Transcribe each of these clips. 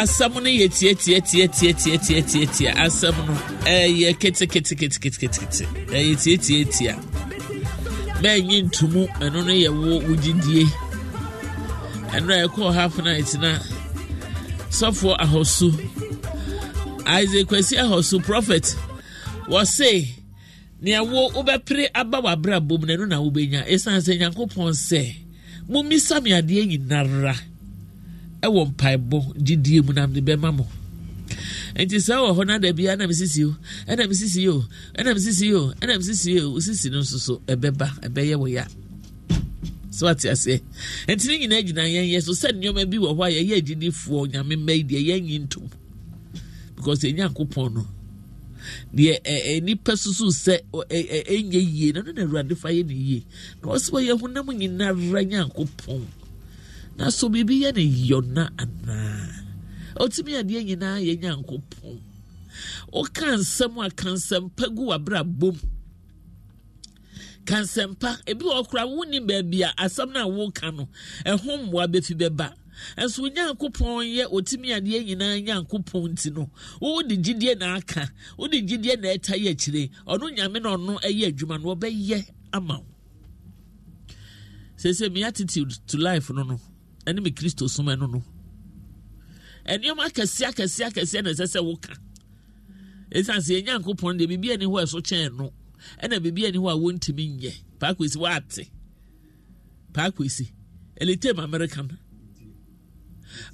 asɛm no yɛ tiatiatiatiatiatiatiatia asɛm no ɛyɛ keteketeketeketekete ɛyɛ tiatiatia mɛnyi ntumu ɛno no yɛ wo wogyidie ɛno a ɛkɔɔ half night na sɔfoɔ ahosu isaac kwasi ahosu prophet wɔse nea wo wobɛpere aba abom na ɛno na wobɛnya ɛsiane sɛ nyankopɔn sɛ mommisa me adeɛ nyinara ɛwɔ mpaebɔ gyidie mu nam de bɛma mo nti saa wɔ hɔ no ada bia ɛnam sisi o ɛnam sisi o ɛnam sisi o ɛnam sisi o sisi no nso so ɛbɛba ɛbɛyɛ wɔ ya so ate aseɛ nti ne nyinaa gyina yɛn yɛ so sɛ nneɛma bi wɔ hɔ a yɛyɛ agyinifoɔ nyame mma yi deɛ yɛnyi ntom because ɛnyankopɔn no deɛ ɛɛ nipa soso sɛ ɛɛ ɛnyɛ yie na no na awurade fa yɛ ne yie na ɔsɛ wɔyɛ honam nyinaa ra nyankopɔn nanso biribi yɛ ne yɔna anaa ɔtumi adeɛ nyinaa yɛ nyankopɔn woka nsɛm a ka nsɛmpa gu wabrabɔ mu ka nsɛmpa ebi wɔ kora wonni baabi a asɛm no a woka no ɛho mmoa bɛfi bɛba nso nyankopɔn yɛ otumi adeɛ nyinaa nyankopɔn ti no wode gyidie na aka wode gyidie na ɛta yɛ akyire ɔno nyame na ɔno ɛyɛ adwuma no ɔbɛyɛ ama wo sɛ sɛ me attitude to life no no ɛne me kristo som ɛno no nneɛma akɛseɛ akɛseɛ akɛseɛ na ɛsɛ sɛ woka ɛsiane sɛ yɛn nyankopɔn deɛ biribi ani hɔ a ɛso kyɛn no ɛna biribi ani hɔ a wɔntumi nyɛ paako esi waate paako esi elite mu american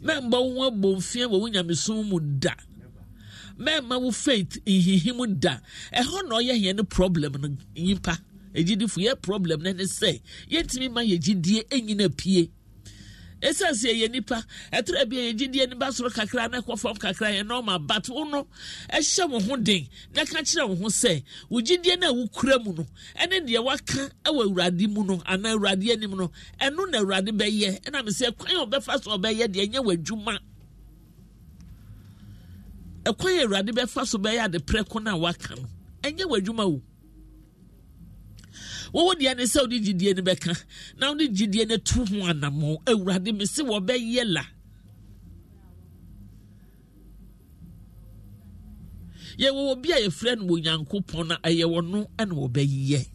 mɛmba wo abɔ mfia wɔ wo nyamesom mu da mɛmma wo faith nhihim da ɛhɔ na ɔyɛ yɛn no problem no nyimpa agyidifo yɛ problem no ne sɛ yɛntumi ma yɛgyidie ɛnyina pie ɛsiane sɛ yɛyɛ nipa ɛtrɛ bia yɛgyedie ne ba soro kakra na ɛkɔ fam kakra yɛ nɔɔma but wo no ɛhyɛ wo ho den na ka kyerɛ wo ho sɛ wo gyedie na a wokura mu no ɛne deɛ waka ɛwɔ awurade mu no anaa awurade anim no ɛno na awurade bɛyɛ ɛna mesia kwan a ɔbɛfa so ɔbɛyɛ deɛ ɛnyɛ w'adwuma ɛkwan a awurade bɛfa so bɛyɛ adeprɛ ko no a waka no ɛnyɛ w'adwuma wo wɔwɔ deɛ ne sɛ wode gyidie bɛka na wode gyidie no to ho anammɔ awurade me se wɔbɛyɛ la yɛwɔ wɔ bi a yɛfrɛ no onyankopɔn na ɛyɛ wɔ no ɛna wɔbɛyɛ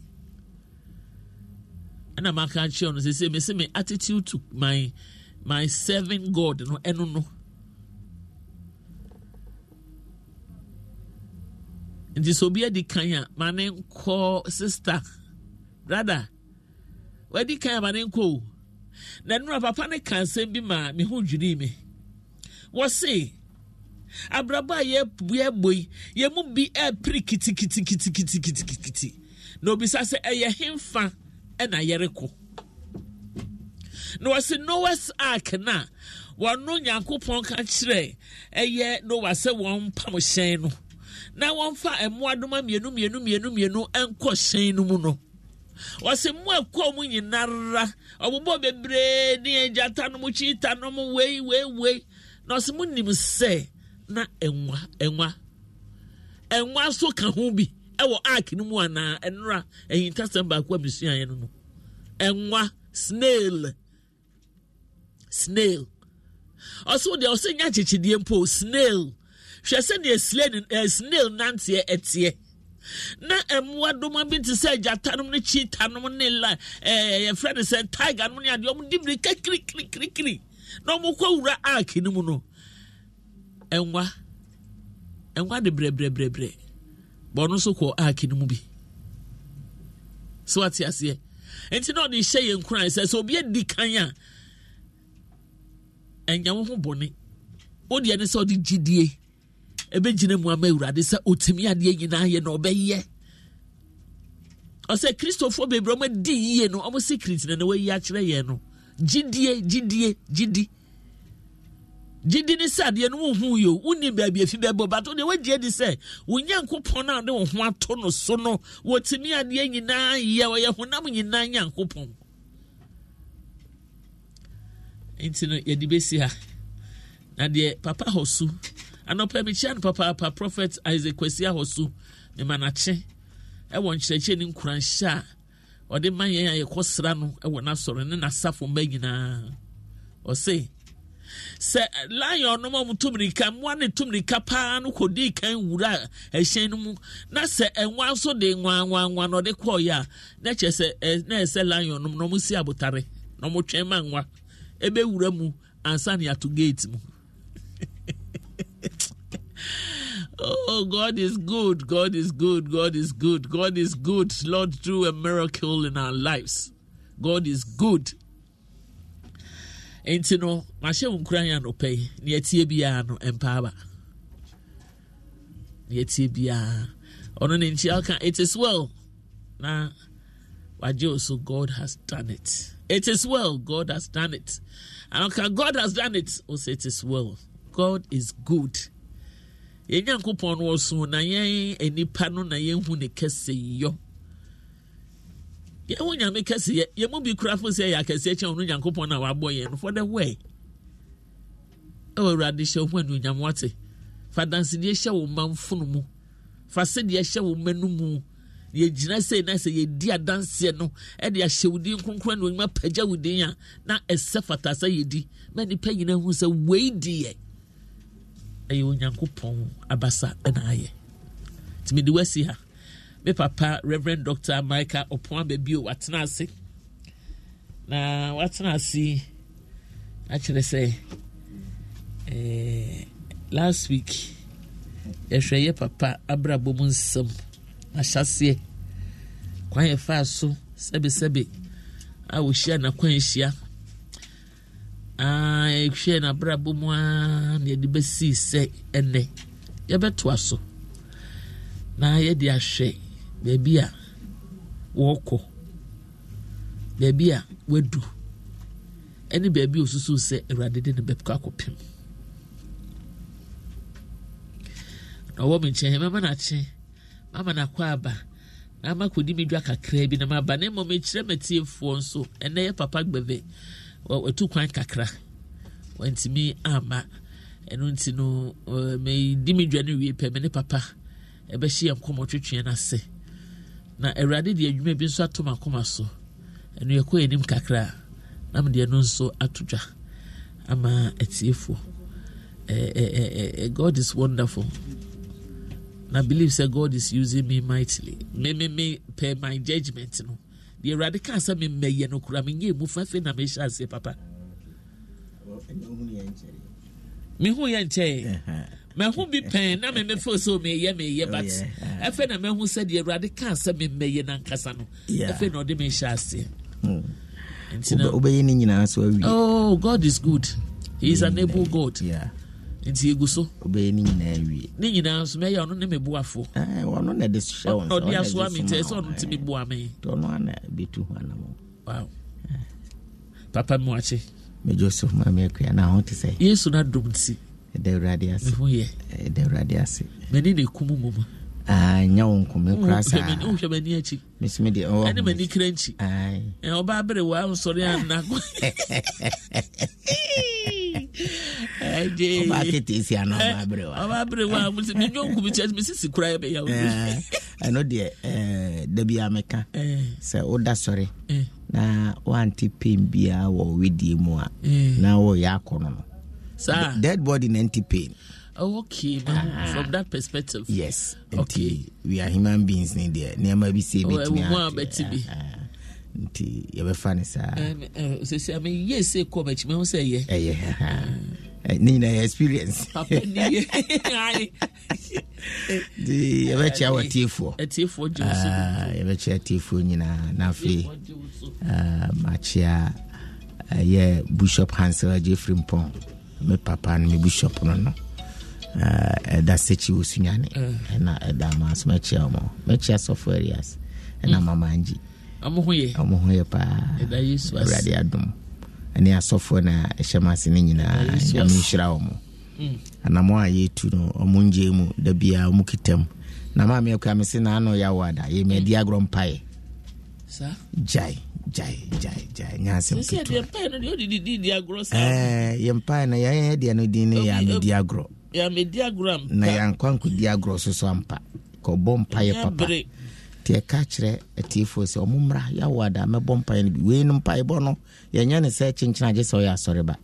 ɛna maka kyerɛ no sɛsɛ me se me attitude to my my serving god no ɛno no nti sɛ obi adi kan a ma ne nkɔ sister brada wadi kan ama ne nkɔ o na nnura papa ne ka nsɛm bi ma me ho dwiri me wɔse abrabɔ a yɛbɔ yi yɛn mu bi ɛrepere kitikitikitikitikitikiti na obisa sɛ ɛyɛ hemfa ɛna yɛrekɔ na wɔse noah's ark na wɔno nyankopɔn ka kyerɛ ɛyɛ noah sɛ wɔn mpam hyɛn no na wɔmfa mmoadoma mmienu mmienu mmienu mmienu nkɔ hyɛn no mu no wɔsi mu ɛkɔ mu nyinara ɔbobɔ bebree ne agyata nom kyiita nom wei wei wei na ɔsi mu nim sɛ na ɛnwa ɛnwa ɛnwa so ka ho bi ɛwɔ ark no mu anaa ɛnora ɛhintasɛm baako a mesuaeɛ no no ɛnwa snail snail ɔso deɛ ɔsɛ nya kyekyedeɛ mpo snail hwɛ sɛdeɛ eh, snail nanteɛ ɛteɛ na mmoa doma bi te sɛ gyata nom ne cheeta nom ne la eh, yɛfrɛ no sɛ tiger nom ne adeɛ ɔmo di mirika kirikirikirikiri na ɔmo kɔ wura aki no mu no nwa nwa de brɛbrɛbrɛbrɛ bɔn no nso kɔ ark no mu bi so wate aseɛ nti na ɔde hyɛ yɛn kura sɛ sɛ obi adi kan a ɛnyɛ ho bɔne o ne sɛ ɔde gyidie ɛbɛgyina mu ama awurade sɛ ɔtumi adeɛ nyinaa yɛ na ɔbɛyɛ ɔsɛ kristofoɔ bebree ɔmo di yie no ɔmo secret na na wɔayi akyerɛ yɛn no gyidie gyidie gyidi gyidi ne sɛ adeɛ no wohu yio wonni baabi afi bɛbɔ bato deɛ wagye di sɛ wo nyankopɔn no a wode wo ho ato no so no wɔtumi adeɛ nyinaa yɛ ɔyɛ honam nyinaa nyankopɔn nti no yɛde bɛsi ha na deɛ papa hɔ so anɔpa mekyia no papaapa prophet isaac kwasi ahɔ so mema ɛwɔ nkyerɛkyerɛ ne nkuranhyɛ a ɔde ma yɛn a yɛkɔsra no ɛwɔ n'asɔre ne n'asafo mba nyinaa ɔse sɛ a mmoa ne paa no kan wura ɛhyɛn na sɛ ɛnwa nso de nwanwanwa na ɔde kɔɔyɛ a na kyerɛ sɛ na ɛsɛ lion nom na ɔmo si abotare na ɔmo twɛn ma nwa Oh, God is good. God is good. God is good. God is good. Lord, do a miracle in our lives. God is good. you know, my wo nkura yɛ anɔpɛ yi ne yɛtie biara no empower ne yɛtie biara ɔno ne nkyia ɔka it is well na wagye do so god has done it it is well god has done it and okay, god has done it Also, it is well god is good yɛn nyankopɔn no wɔso na yɛn nipa no na yɛnhu ne kɛseyɔ yɛhu nyame kɛseyɛ yɛn mu bi kura fo sɛ yɛ akɛseɛ kyɛn ɔno nyankopɔn na wabɔ yɛn no for the way ɛwɔ awurade hyɛ ho anuonyam wate fa dansedeɛ hyɛ wo ma mfono mu fa sedeɛ hyɛ wo ma no mu yɛgyina sei na sɛ yɛdi adanseɛ no ɛde ahyɛ wo din na onyuma pagya wo din a na ɛsɛ fata sɛ yɛdi ma nnipa nyinaa hu sɛ wei di yɛ ɛyɛ onyankopɔn abasa ɛna ayɛ nti mede wasi ha me papa reverend dr michael ɔpon ababio watena ase na watena ase akyerɛ sɛ eh, last week yɛhwɛ yɛ papa abrabɔ mu nsɛm ahyɛseɛ kwan yɛfaa so sɛbesɛbe a wɔhyia nakwan ɛhwɛ n'abrabɔ mu a na yɛde bɛsii sɛ ɛnɛ yɛbɛtoa so na yɛde ahwɛ baabi a wɔrekɔ baabi a wadu ɛne baabi a osusuw sɛ awurade de ne bɛkɔ akɔpem na ɔwɔ me nkyɛn mɛma no akye mama no akɔ aba na ama kɔdi me dwa kakraa bi na maba ne mmom mekyerɛ matiefoɔ nso ɛnɛ yɛ papa gbɛvɛ watu kwan kakra wantumi ama ɛno nti no medi eh, me dwa no wie pɛ me ne papa ɛbɛhye yɛ nkɔmmɔ twetweɛ no ase na awurade de adwuma bi nso ato m akoma so ɛno yɛkɔ anim kakra na mede ɛno nso ato dwa ama atiefoɔ eh, eh, god is wonderful na believe sɛ god is using me mightly. me me me pɛ my judgment no deɛ awurade kaa sɛ memmɛyɛ no kora menyɛ mu fa na mehyɛ aseɛ papa yɛ nkyɛe bi pɛn na memefɛ sɛ meyɛ meyɛ but oh, na sɛ deɛ awurade kaa sɛ memmɛyɛ nankasa no na ɔde mehyɛ aseɛ hmm. oh god is good he is an able god yeah. nti egu so. obeye ne nyinaa wie. ne nyinaa nso mɛ yɛ ɔno ne mi bu afo. ɛɛ eh, ɔno na de hyɛ wɔn sɛ ɔno de asoma mi tɛ sɛ ɔno ti eh. mi bu ame. tɔnɔ ana ebi tu hɔn anam. waaw eh. papa mu akyi. mɛ joseph maame akuya na ahɔn ti sɛ. yesu na dum ti. ɛdɛ awurade ase. ɛho yɛ. ɛdɛ ase. mɛ ne na mu ma. Ah, nyɛ wo nkɔmɛ kora sawohwɛ m'ani akyi mesome deɛ ɛne m'ani kra nkyi ɔba bere wa nsɔre annako ɔbaketesi ana ɔba wa ɔba bere wa menwa nkum kyɛ mesisi kora bɛyɛ ɛno deɛ da bia meka sɛ woda sɔre na woante pain biaa wɔ wedie mu a na wɔyɛ akɔ no no dead body na nti pain Oh, okay. Ah. From that perspective. Yes. Okay. Nti, we are human beings in there. Nneɛma bi sɛ bɛtumi ate. Nti yɛbɛfa ne saa. Sisi ami yie se kɔ bɛtumi ho sɛ yɛ. Ɛyɛ ne nyinaa yɛ experience. Papa ni yɛ. Nti yɛbɛkyia wɔ eh, tiefoɔ. Eh, tiefoɔ jɛ osu. Ah, yɛbɛkyia tiefoɔ nyinaa n'afei. Ah, Makyia ɛyɛ eh, bishop Hansel Jeffrey Mpɔn. Me papa no me bishop no no. ɛda eh, sɛkyi wɔ su nyane ɛna eh. ɛda eh, ma so makyia ɔmɔ makyia sɔfo areas ɛna mamangye ɔmo ho yɛ paawurade adom ɛne asɔfoɔ no a ɛhyɛ ma ase no nyinaa nhyira wɔ mo anamo a yɛtu no ɔmo ngye mu da biaa ɔmo kitam na ma me akura me se na ano ada yɛmi agorɔ mpaeɛ gyae gyae no yɛyɛ no din ne yɛ amedi agorɔ yàmẹdi agorɔ ampa na yankwa nkodi agorɔ soso ampa kɔbɔ mpaeɛ papa nti ɛka kyerɛ atiefoɔ sɛ ɔmo mmra yɛawo ada mɛbɔ mpaeɛ no bi wei no mpaebɔ no yɛnyɛ ne sɛ kyenkyena agye sɛ ɔyɛ asɔre ba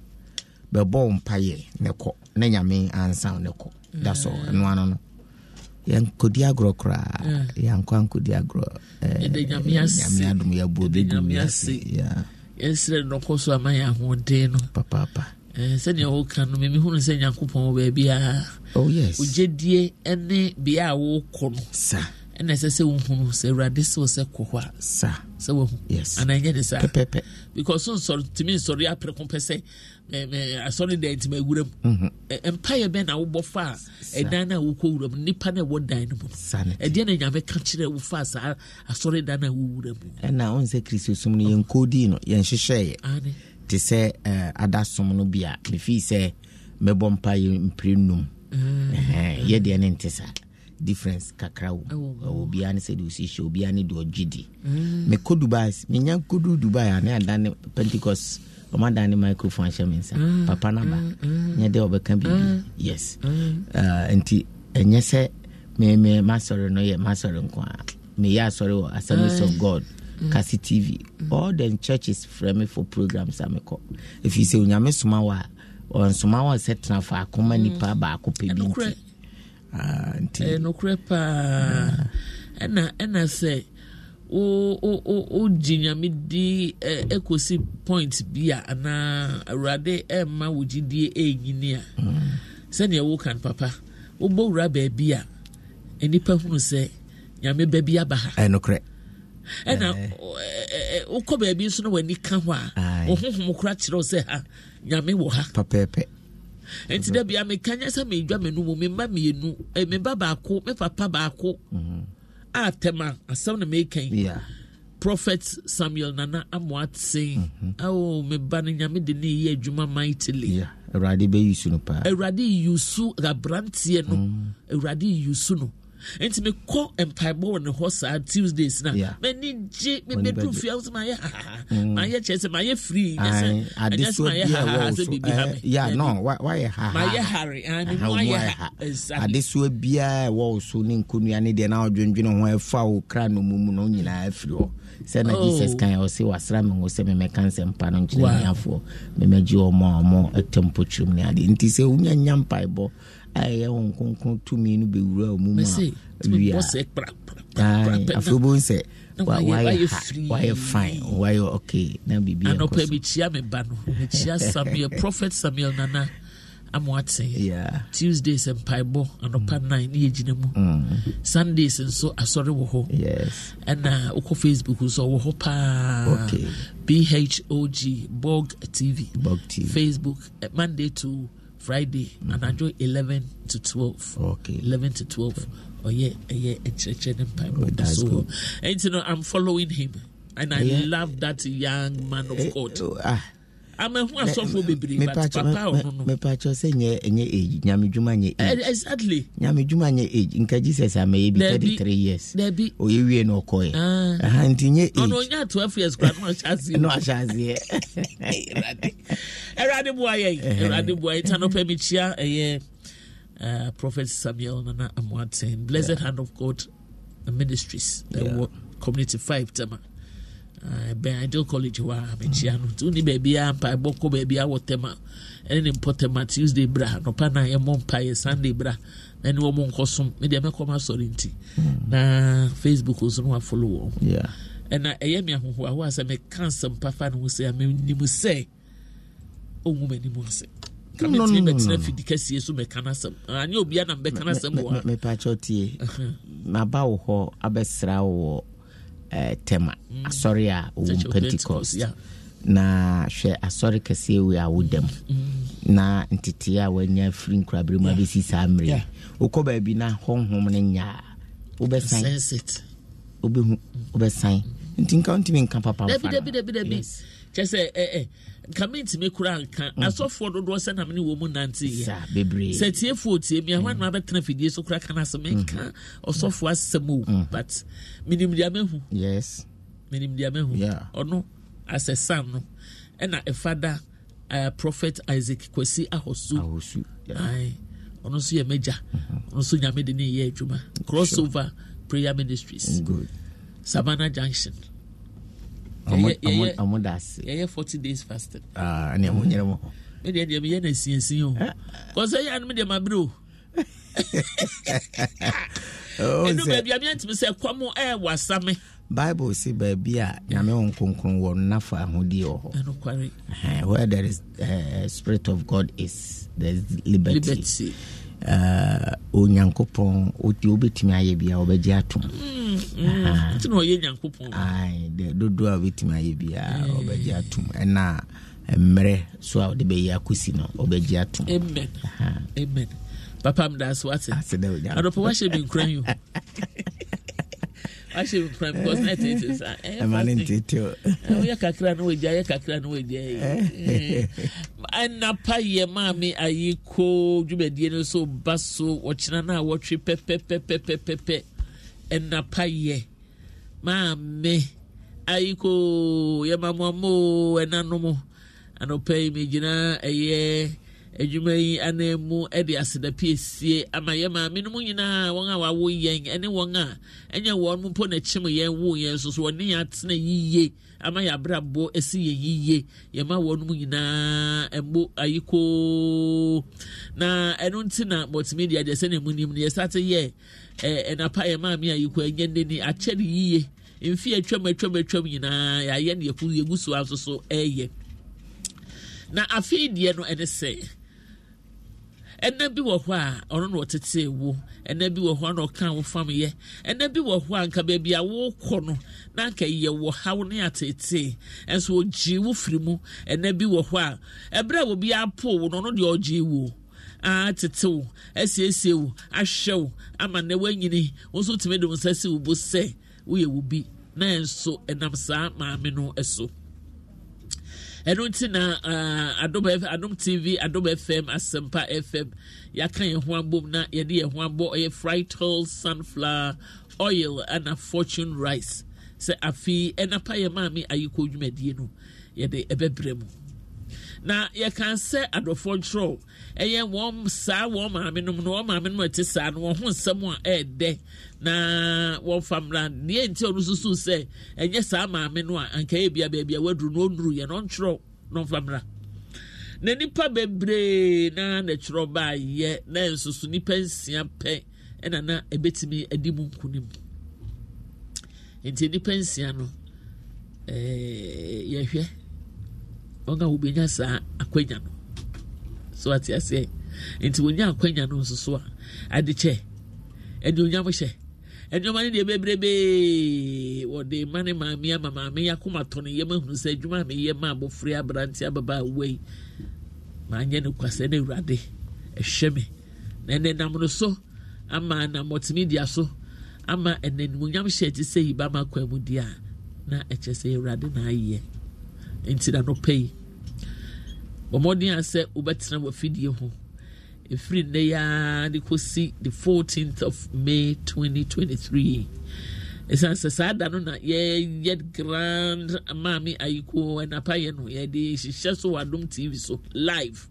bɛbɔ mpaeɛ ne kɔ na nyame ansa ne kɔ da so ɛno ano no yɛnkɔdi agorɔ koraa mm. yɛnkwa nkɔdi agorɔ eh, nyame adom yɛabuo bɛgu yɛsrɛ no kɔ so ama yɛ ahoɔden no papaapa Eh, sɛdeɛ woka no memehunu sɛ nyankopɔn wɔ baabiaa wogyedie oh, ne bea a wokɔ no ɛna ɛsɛ sɛ wohunu sɛ awurade sɛ wo sɛ kɔ hɔ a sɛ wahu anaa ne saa because nsɔre tumi nsɔre apereko pɛ sɛ asɔre dan ntima awura mu mhm. mpaeɛ bɛn na wobɔ fa a ɛdan no a wokɔ wura mu nnipa no ɛwɔ dan no mu no ɛdeɛ na nyame ka kyerɛ wo fa saa asɔre dan no a wowura mu ɛna wo sɛ kristo no yɛnkɔdii no yɛnhyehyɛeɛ te sɛ uh, adasom no bi a mefii sɛ mɛbɔ mpa mm. yɛ mpire num yɛdeɛ ne nte saa difference kakra wo ɛwɔ obiara ne sɛ deɛ ɔsi hyɛ ne deɛ ɔgye mm. mekɔ dubai menya nkɔdu dubai a ne pentecost ɔma da ne microphone ahyɛ me nsa mm, papa no ba nyɛ dɛ ɔbɛka biribi yes uh, nti ɛnyɛ sɛ meme masɔre no yɛ masɔre nko a meyɛ asɔre wɔ assemblies of god Kasi TV. All the churches frame for programs amekɔ. If you say onyame soma wa ɔnsoma wa sɛ tena fa akoma mm. nipa baako pɛ bi nti. Nti. Nokorɛ paa. Ah. Ɛna ɛna sɛ wo wo wo wo gye nyame di ɛkɔsi eh, point bi a anaa awurade ɛma eh, wo gyidie eh, ɛɛnyini a. Mm. Sɛnea wo papa wobɔ wura baabi a nnipa e hunu sɛ nyame ba bi aba ha. Ɛnokorɛ ɛna wokɔ baabi nso na w'ani ka hɔ a wohohom kora kyerɛw sɛ ha nyame wɔ ha papɛɛpɛ nti da bia meka nyɛ sɛ meedwa menu mu memma mmienu me ba baako me papa baako mhm. a tɛm asɛm na meeka prophet samuel nana amoaten mhm. ao me ba no nyame de ne yɛ adwuma mightily awurade bɛyi su no paa awurade yisu aberanteɛ no mm. awurade yisu no nti mekɔ mpaebɔ wɔ ne hɔ saa tuesdays no m'ani gye mebɛdu fie wo sɛ mayɛ hahaha mayɛ mm. kyerɛ sɛ mayɛ frii nyɛ sɛ mayɛ hahaha sɛ biribi ha mayɛ hare ane moayɛ ha adesoa biara ɛwɔ wo so ne nkonnua ne deɛ na wodwendwene ho ɛfa wo kra no mu mu no mm. nyinaa afiri hɔ sɛna oh. jesus kan ɔse wasra me ho sɛ memɛka nsɛmpa no nkyerɛ niafoɔ memɛgye ɔma ɔmɔ ɛtɛ mpotwirim ne adeɛ nti sɛ wonya nya mpaebɔ ɛyɛ wɔn nkonkron tumi no bɛwura mu mu a wia afei bo nsɛ wayɛ fine wayɛ okay na biribi yɛ so anɔpɛ mekyia me ba no mekyia samuel prophet samuel nana ama wate yeah. tuesdays mpaebɔ anɔpa mm. nine ne yɛgyina mu mm. sundays nso asɔre wɔ hɔ yes. ɛna wokɔ uh, facebook nso ɔwɔ hɔ paa bhog bog tv. bog tv facebook eh, monday to friday and I do 11 to 12 okay 11 to 12 okay. yeah. ɛyɛ ɛkyerɛkyerɛ ne oh, That's so And you know i'm following him and i yeah. love that young man of eh, god uh, uh, amahu asɔfo bebree but papa ɔno no. mepatwɛ sɛ nyɛ nyɛ age nyamedwuma nyɛ eh, age. exactly. nyamedwuma nyɛ age nka jesus bi thirty three years. wie na ah. aha nti age. ɔno onye twelve years kura yɛ eh. kyia ɛyɛ. Uh, Prophet Samuel Nana Blessed Hand of God Ministries, Community 5 bɛn ideal college hɔ a mekyia no nti woni baabia mpa bɔkɔ baabia wɔ tɛma ɛne ne mpɔ tɛma tuesday bra nɔpa na yɛmmɔ mpa yɛ sunday bra na ne wɔmɔ nkɔsom medeɛ mɛkɔ ma asɔre nti na facebook nso no wafolo wɔn ɛna ɛyɛ me ahohoaho a sɛ meka nsɛmpa fa no ho sɛ a menim sɛ ɔnwu m'anim ase kametumi bɛtena fidi kɛseɛ so mɛka no asɛm anyɛ obia na mbɛka no asɛm wɔ a mepatwɛ tie maba wo hɔ abɛsra wɔ uh, tema mm. asɔre a ɔwɔ mu pentecost na hwɛ asɔre kɛseɛ wei a wodam mm. na nteteɛ a wanya firi nkurabere mu yeah. abɛsi saa mmerɛ yeah. wokɔ baabi na honhom no nyaa wobɛsan wobɛsan nti nka wontumi nka papa mfa no kame ntumi kura nka mm. asɔfoɔ dodoɔ sɛ na mene wɔ mu nanteɛ sɛ tiefoɔ tie mi ahoa mm. noma bɛtena fidie so kora kana sɛ menka mm-hmm. ɔsɔfoɔ asɛm mm. but menim deɛ mahu menim deɛ mahu ɔno asɛ san no ɛna ɛfada uh, prophet isaac kwasi ahosu ɔno nso yɛ mɛgya mm-hmm. ɔno nso nyame de ne crossover prayer ministries Good. savannah junction yɛyɛ 40 days fasted ah, ne ɛmo nyerɛ mɔ medeɛ deɛ meyɛ no asiasia o kɔ sɛ yɛ anom deɛ maberɛ o ɛno baabi a meantimi sɛ kɔm ɛɛwasa me bible si baabi a nyame wo nkronkron wɔ no nafa ahodie wɔ hɔ where there is uh, spirit of god is there is liberty, liberty. Eh, onyankopɔn wote wobɛtumi ayɛ bia wobɛgye atom mm-hmm. dodoɔ a wobɛtumi ayɛ biaa wobɛgye mm. atom ɛna mmerɛ so a wode bɛyɛ akosi no wobɛgye atom papa mdaso ate adɔpɛ wahyɛ bi nkura ahyɛ mpa because na tete sa ɛma ne ntete o woyɛ kakra no wɔgya yɛ eh. kakra no eh. wɔgya anapa yɛ maame ayi ko dwumadie no so ba so wɔkyena no a wɔtwe pɛpɛpɛpɛpɛpɛ ɛnapa yɛ maame ayi ko yɛ mamoamo ɛnanom anɔpa yi megyina ɛyɛ adwuma yi anan mu de asedapie sie ama yɛ maame no mu nyinaa wɔn a wawo yɛn ne wɔn a ɛnyɛ wɔn mu mpo n'akyim yɛn wo yɛn so so wɔne yɛn atena yie ama yɛ abrabɔ asi yɛn yie yɛma wɔn mu nyinaa ɛmo ayi koo na ɛno nti na multimedia deɛ sɛ na mu nim no yɛsate yɛ ɛɛ ɛnapa yɛ maame ayi koo ɛnyɛ n'ani akyɛ ne yie mfe atwam atwam atwam nyinaa yɛayɛ ne yɛgu so asoso ɛɛyɛ na afei deɛ no ɛne sɛ ɛnna bi wɔ hɔ a ɔno na ɔtete wo ɛnna bi wɔ hɔ na ɔka wo fam yɛ ɛnna bi wɔ hɔ a nka baabi a wɔrekɔ no na nka yɛ wɔ haw ne atetee nso ɔgyee wo firi mu ɛnna bi wɔ hɔ a ɛberɛ a obi apo wo no ɔno deɛ ɔgyee wo atete wo asiesie wo ahwɛ wo ama na wanyini wo nso tumi de wo nsa si wo bo sɛ woyɛ wo bi na nso ɛnam saa maame no so ɛno nti na ah, adom tv adom fm asɛmpa fm yɛaka yɛn ho abom na yɛde yɛn ho abɔ ɔyɛ frital sunflower oil ana fortune rice sɛ afei ɛnapa yɛ maame ayikɔ dwumadie no yɛde ɛbɛbrɛ mu na yɛkan sɛ adɔfoɔ ntwerɛw ɛyɛ wɔn saa wɔn maame nom na wɔn maame nom ɛte saa no wɔn ho nsɛm a ɛɛdɛ na wɔn famra nea nti ɔno susu sɛ ɛnyɛ saa maame no a anka yɛ bia baabi a waduru na onuru yɛ na ɔntwerɛ na ɔnfamra na nipa bebree na n'atwerɛ baa yɛ na nsoso nipa nsia pɛ ɛna na ebetumi adi mu nkunim nti nipa nsia no ɛɛɛ yɛhwɛ wɔn a wɔbɛnya saa akwanya no. so ati ase nti wonya akwanya no nso so a adekyɛ aduonyam hyɛ nneɛma mani deɛ bebrebee wɔde ma ne maame ama maame yɛ akoma tɔ ne ya ahunu sɛ adwuma a meyɛ ma abofra aberante ababaa wei maanyɛ no kwasɛ no awurade ɛhwɛ na ɛnɛ nam no so ama anammɔtumi dea so ama ɛnanimunyam hyɛ te sɛ yiba ma kwan mu di a na ɛkyɛ sɛ ewurade na ayɛ nti na no pɛ yi bɔmmɔden a sɛ wobɛtena wafidie ho ɛfiri nnɛ yɛa de kɔsi the 14th of may 2023 ɛsiane sɛ saa da no na yɛyɛ grand maame ayiko ɛnapayɛ no yɛde hyehyɛ so wɔ adom tv so live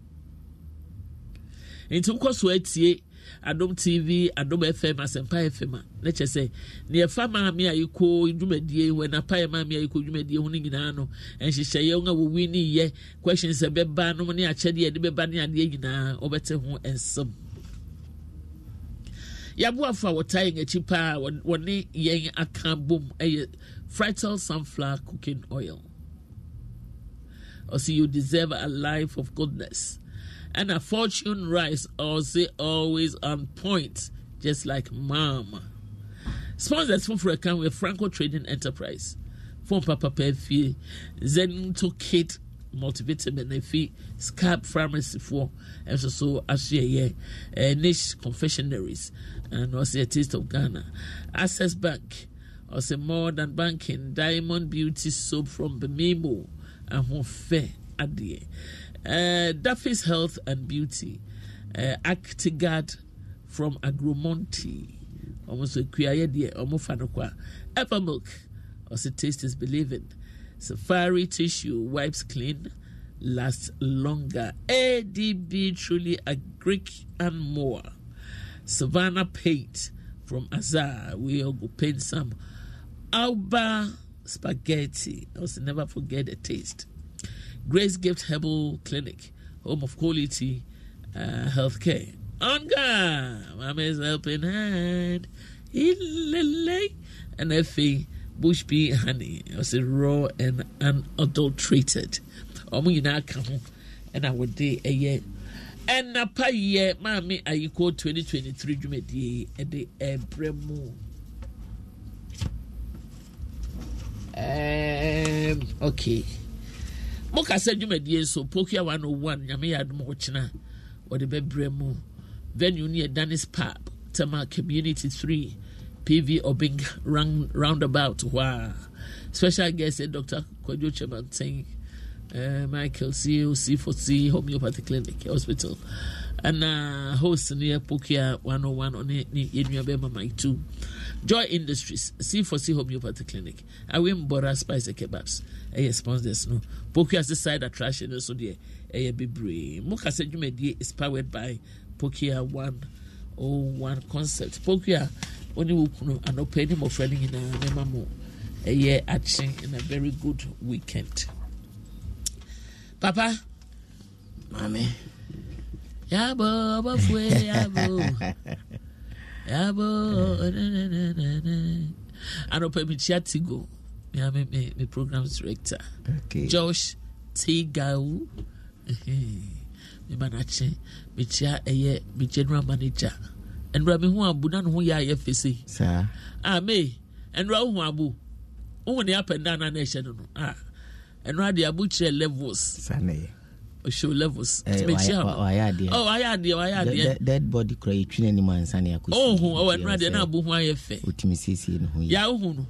nti wokɔ so atie adom tv adom fm asɛmpa fm a ne kyɛ sɛ neɛ fa maame a yɛkɔ dwumadie hɔ ɛnapa yɛ maame a yɛkɔ dwumadie ho no nyinaa no nhyehyɛeɛ a wɔwi ne yɛ question sɛ bɛba nom ne akyɛdeɛ de bɛba ne adeɛ nyinaa wɔbɛte ho nsɛm yɛaboafo a wɔtaa yɛn akyi paa wɔne yɛn aka bom ɛyɛ frital sunflower cooking oil ɔsɛ you deserve a life of goodness and a fortune rise also always on point, just like mom. Sponsors for a can with Franco Trading Enterprise. Phone Papa Pefi, to Kate multivitamin fee, scab pharmacy for and so so as eh, niche confessionaries and also a taste of Ghana. Access Bank also more than banking diamond beauty soap from Bemimo and fair adie. Uh, Duffy's Health and Beauty, uh, Actigard from Agromonti, almost a Kuyayedi, Omofanokwa, Epa Milk, also Taste is Believing, Safari Tissue Wipes Clean, Lasts Longer, ADB Truly a Greek and More, Savannah Paint from Azar, we all go paint some, Alba Spaghetti, also never forget the taste. Grace Gift Herbal Clinic, home of quality uh, care. Onga, Mama's helping hand. And FA Bush Bee Honey. I was raw and unadulterated. Omo nyinaa ka ho ɛna wɔde ɛyɛ ɛnapa yɛ I ayiko 2023 dwumadie and the mu um, okay mokasa dwumadie nso pokua 101 nyame yɛ adom wɔkyena wɔde bɛbrɛ mu venue no yɛ danis pap tema community 3 pv obing round, roundabout hɔ a special guest ɛ eh, dr kwadwo chamanten uh, eh, michael coc c4c homeopathy clinic hospital ana host no yɛ pokia 101 ɔne ne yɛnnua bɛma mike 2 joy industries c for c homeopathy clinic awin bora spice kebabs ɛyɛ sponsors no pokia se side attraction no so deɛ ɛyɛ bebree mo kasa dwumadie is powered by pokia 101 concept pokia ɔne wo kunu anɔpa ne mmɔfra no nyinaa mɛma mo ɛyɛ akye in a very good weekend papa maame yabo bafue yabo yabo anɔpa mekyia tigo mea me, me, me program director okay. josh tigau mema nakye mekyia ɛyɛ me general manager ɛnura ah, me ho abu na ne ho yɛ ayɛ fese ame ɛnura wo ho abu wohu ne apɛnda na na ɛhyɛ no no ɛnura ah. de abu kyerɛ levels Sane show levels. tìmẹ̀kyia hàn wàyà adìẹ ọ wàyà adìẹ wàyà dead body kura yìí twene ni mu ansa oh, oh, oh, ni akọ si. ohun ọwọ ẹnu adìẹ náà abohun ayẹ fẹ. o tì mí siesie ne ho yìí. yà ohun no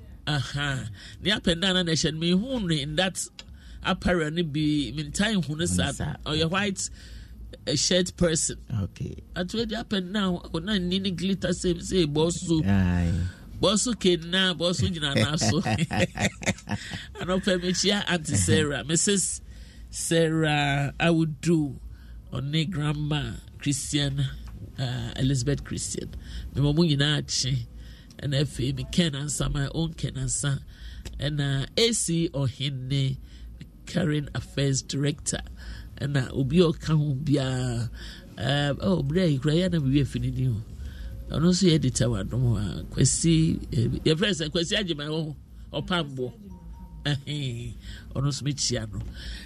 ní apẹ̀ndà náà na ẹ̀hyẹ̀ mi hun ni that apparel ni bi mi nta ihun ni sa ọyẹ white a eh, shirt person. okay. atuwe di apẹ̀ndà ọkọ náà ní ni glitter same same bọ́ so. bɔso kenna bɔso jina naa so anɔpɛ mekyia antisera mrs Sarah Awudu ɔne grandma Christian uh, Elizabeth Christian mmemme mu nyinaa akye ɛna afei mi Ken Ansa my own Ken Ansa ɛna AC Ɔhene Current Affairs Director ɛna obi uh, oh, a ɔka ho biara ɛɛ ɔ bere a ekura yɛ anam wi efi ne o ɔno nso yɛ editor wa dɔm a Kwesi ɛɛ yɛfrɛ sɛ Kwesi Agyemai wɔ hɔ ɔno nso bɛkyia no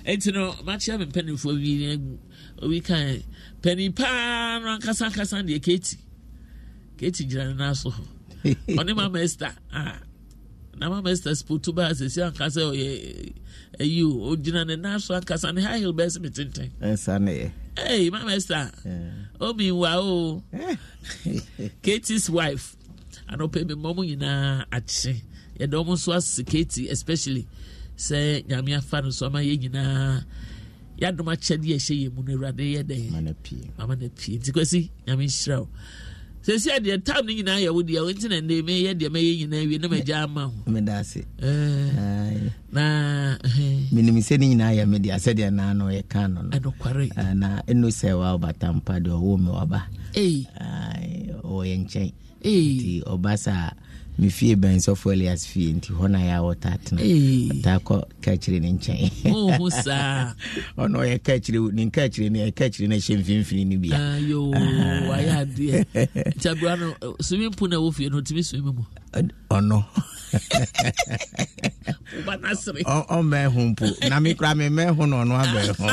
ɛnti no makyia me mpanimfoɔ wi obi kan panin paa no ankasa ankasa deɛ keti keti gyina ne nan so hɔ ɔne mama esther a na mama esther spoto baa sɛsi ankasa ɔyɛ ayi o ogyina ne nan so ankasa ne high heel bɛɛ si mi tenten ɛnsa ne yɛ ɛy mama esther omi nwa o eh. keti's wife anɔpɛ mi mɔmu nyinaa akye yɛde ɔmo nso asiketi especially sɛ nyame afa no so ama yɛ nyinaa yɛadom akyɛdeɛ ɛhyɛ yɛ mu no awurade yɛ dɛn mama no pie nti kwasi nyame nhyira wo sɛsi adeɛ tam no nyinaa yɛwo deɛ wonti na ndɛ meyɛ deɛ mɛyɛ nyinaa wie na magya ama ho eh, na eh, menim sɛ ne nyinaa yɛ mede asɛdeɛ naa no yɛka no no ah, na ɛno sɛ wa wobatampa deɛ ɔwo me waba ɔwɔ yɛ nkyɛn nti ɔba saa me fie bɛn sɔfo elias fie nti hɔ na yɛa wɔta tena ɔtaa kɔ kakyire ne nkyɛn ɔna ɔyɛ kakyire ne nkakyire no ɛkakyire oh, oh, no ɛhyɛ mfimfini no biaɔno ɔmmɛn ho mpo na mekora memmɛn ho na ɔno abɛn ho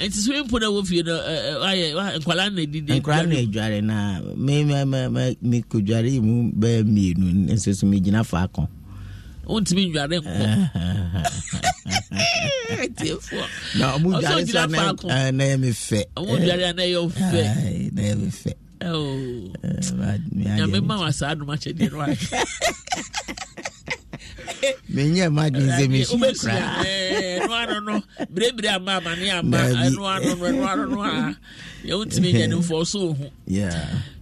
nti swimming pool na wɔ fie no ayɛ nkwadaa na ɛdidi nkwadaa na ɛdware na mekɔdware mu mu bɛyɛ mmienu nso so megyina faako wontumi nnware nkɔnayɛ me fɛ nyame ma wa saa adom akyɛdeɛ no menyɛ ma adwene sɛ mehyia koraano no berɛbirɛ ama amane ama ɛno ano eh, no ɛno ano no a yɛwontumi nya ne mfoɔ so ɔhu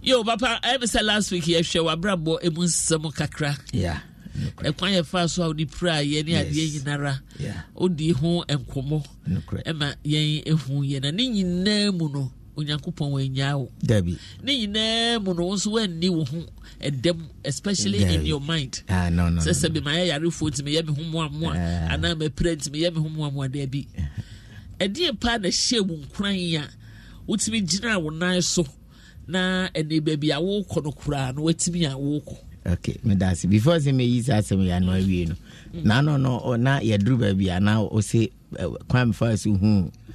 yo papa ɛme last week yɛhwɛ wabrabɔ ɛmu e nsɛm kakra yeah. ɛkwan yɛ fa so a wode pira yɛne adeɛ nyinara wodi ho nkɔmmɔ ɛma yɛn ɛhu e yɛ na ne nyinaa mu no onyankopɔn wanyaa wo dabi ne nyinaa mu no wo nso woanni wo ho ɛdɛm especially Dabi. in your mind ah, no, no, sɛ sɛ bi mayɛ yarefoɔ nti meyɛ me ho moamoa ah. anaa mapira nti meyɛ me ho moamoa daabi ɛdeɛ paa na hyɛ mu nkoran a wotumi gyina wo nan so na ɛne baabi a wokɔ no koraa na woatumi a wokɔ okay medase before sɛ meyi saa asɛm yɛ ano awie no mm. na no no na yɛduru baabi a na ɔsɛ eh, kwan mefa so huu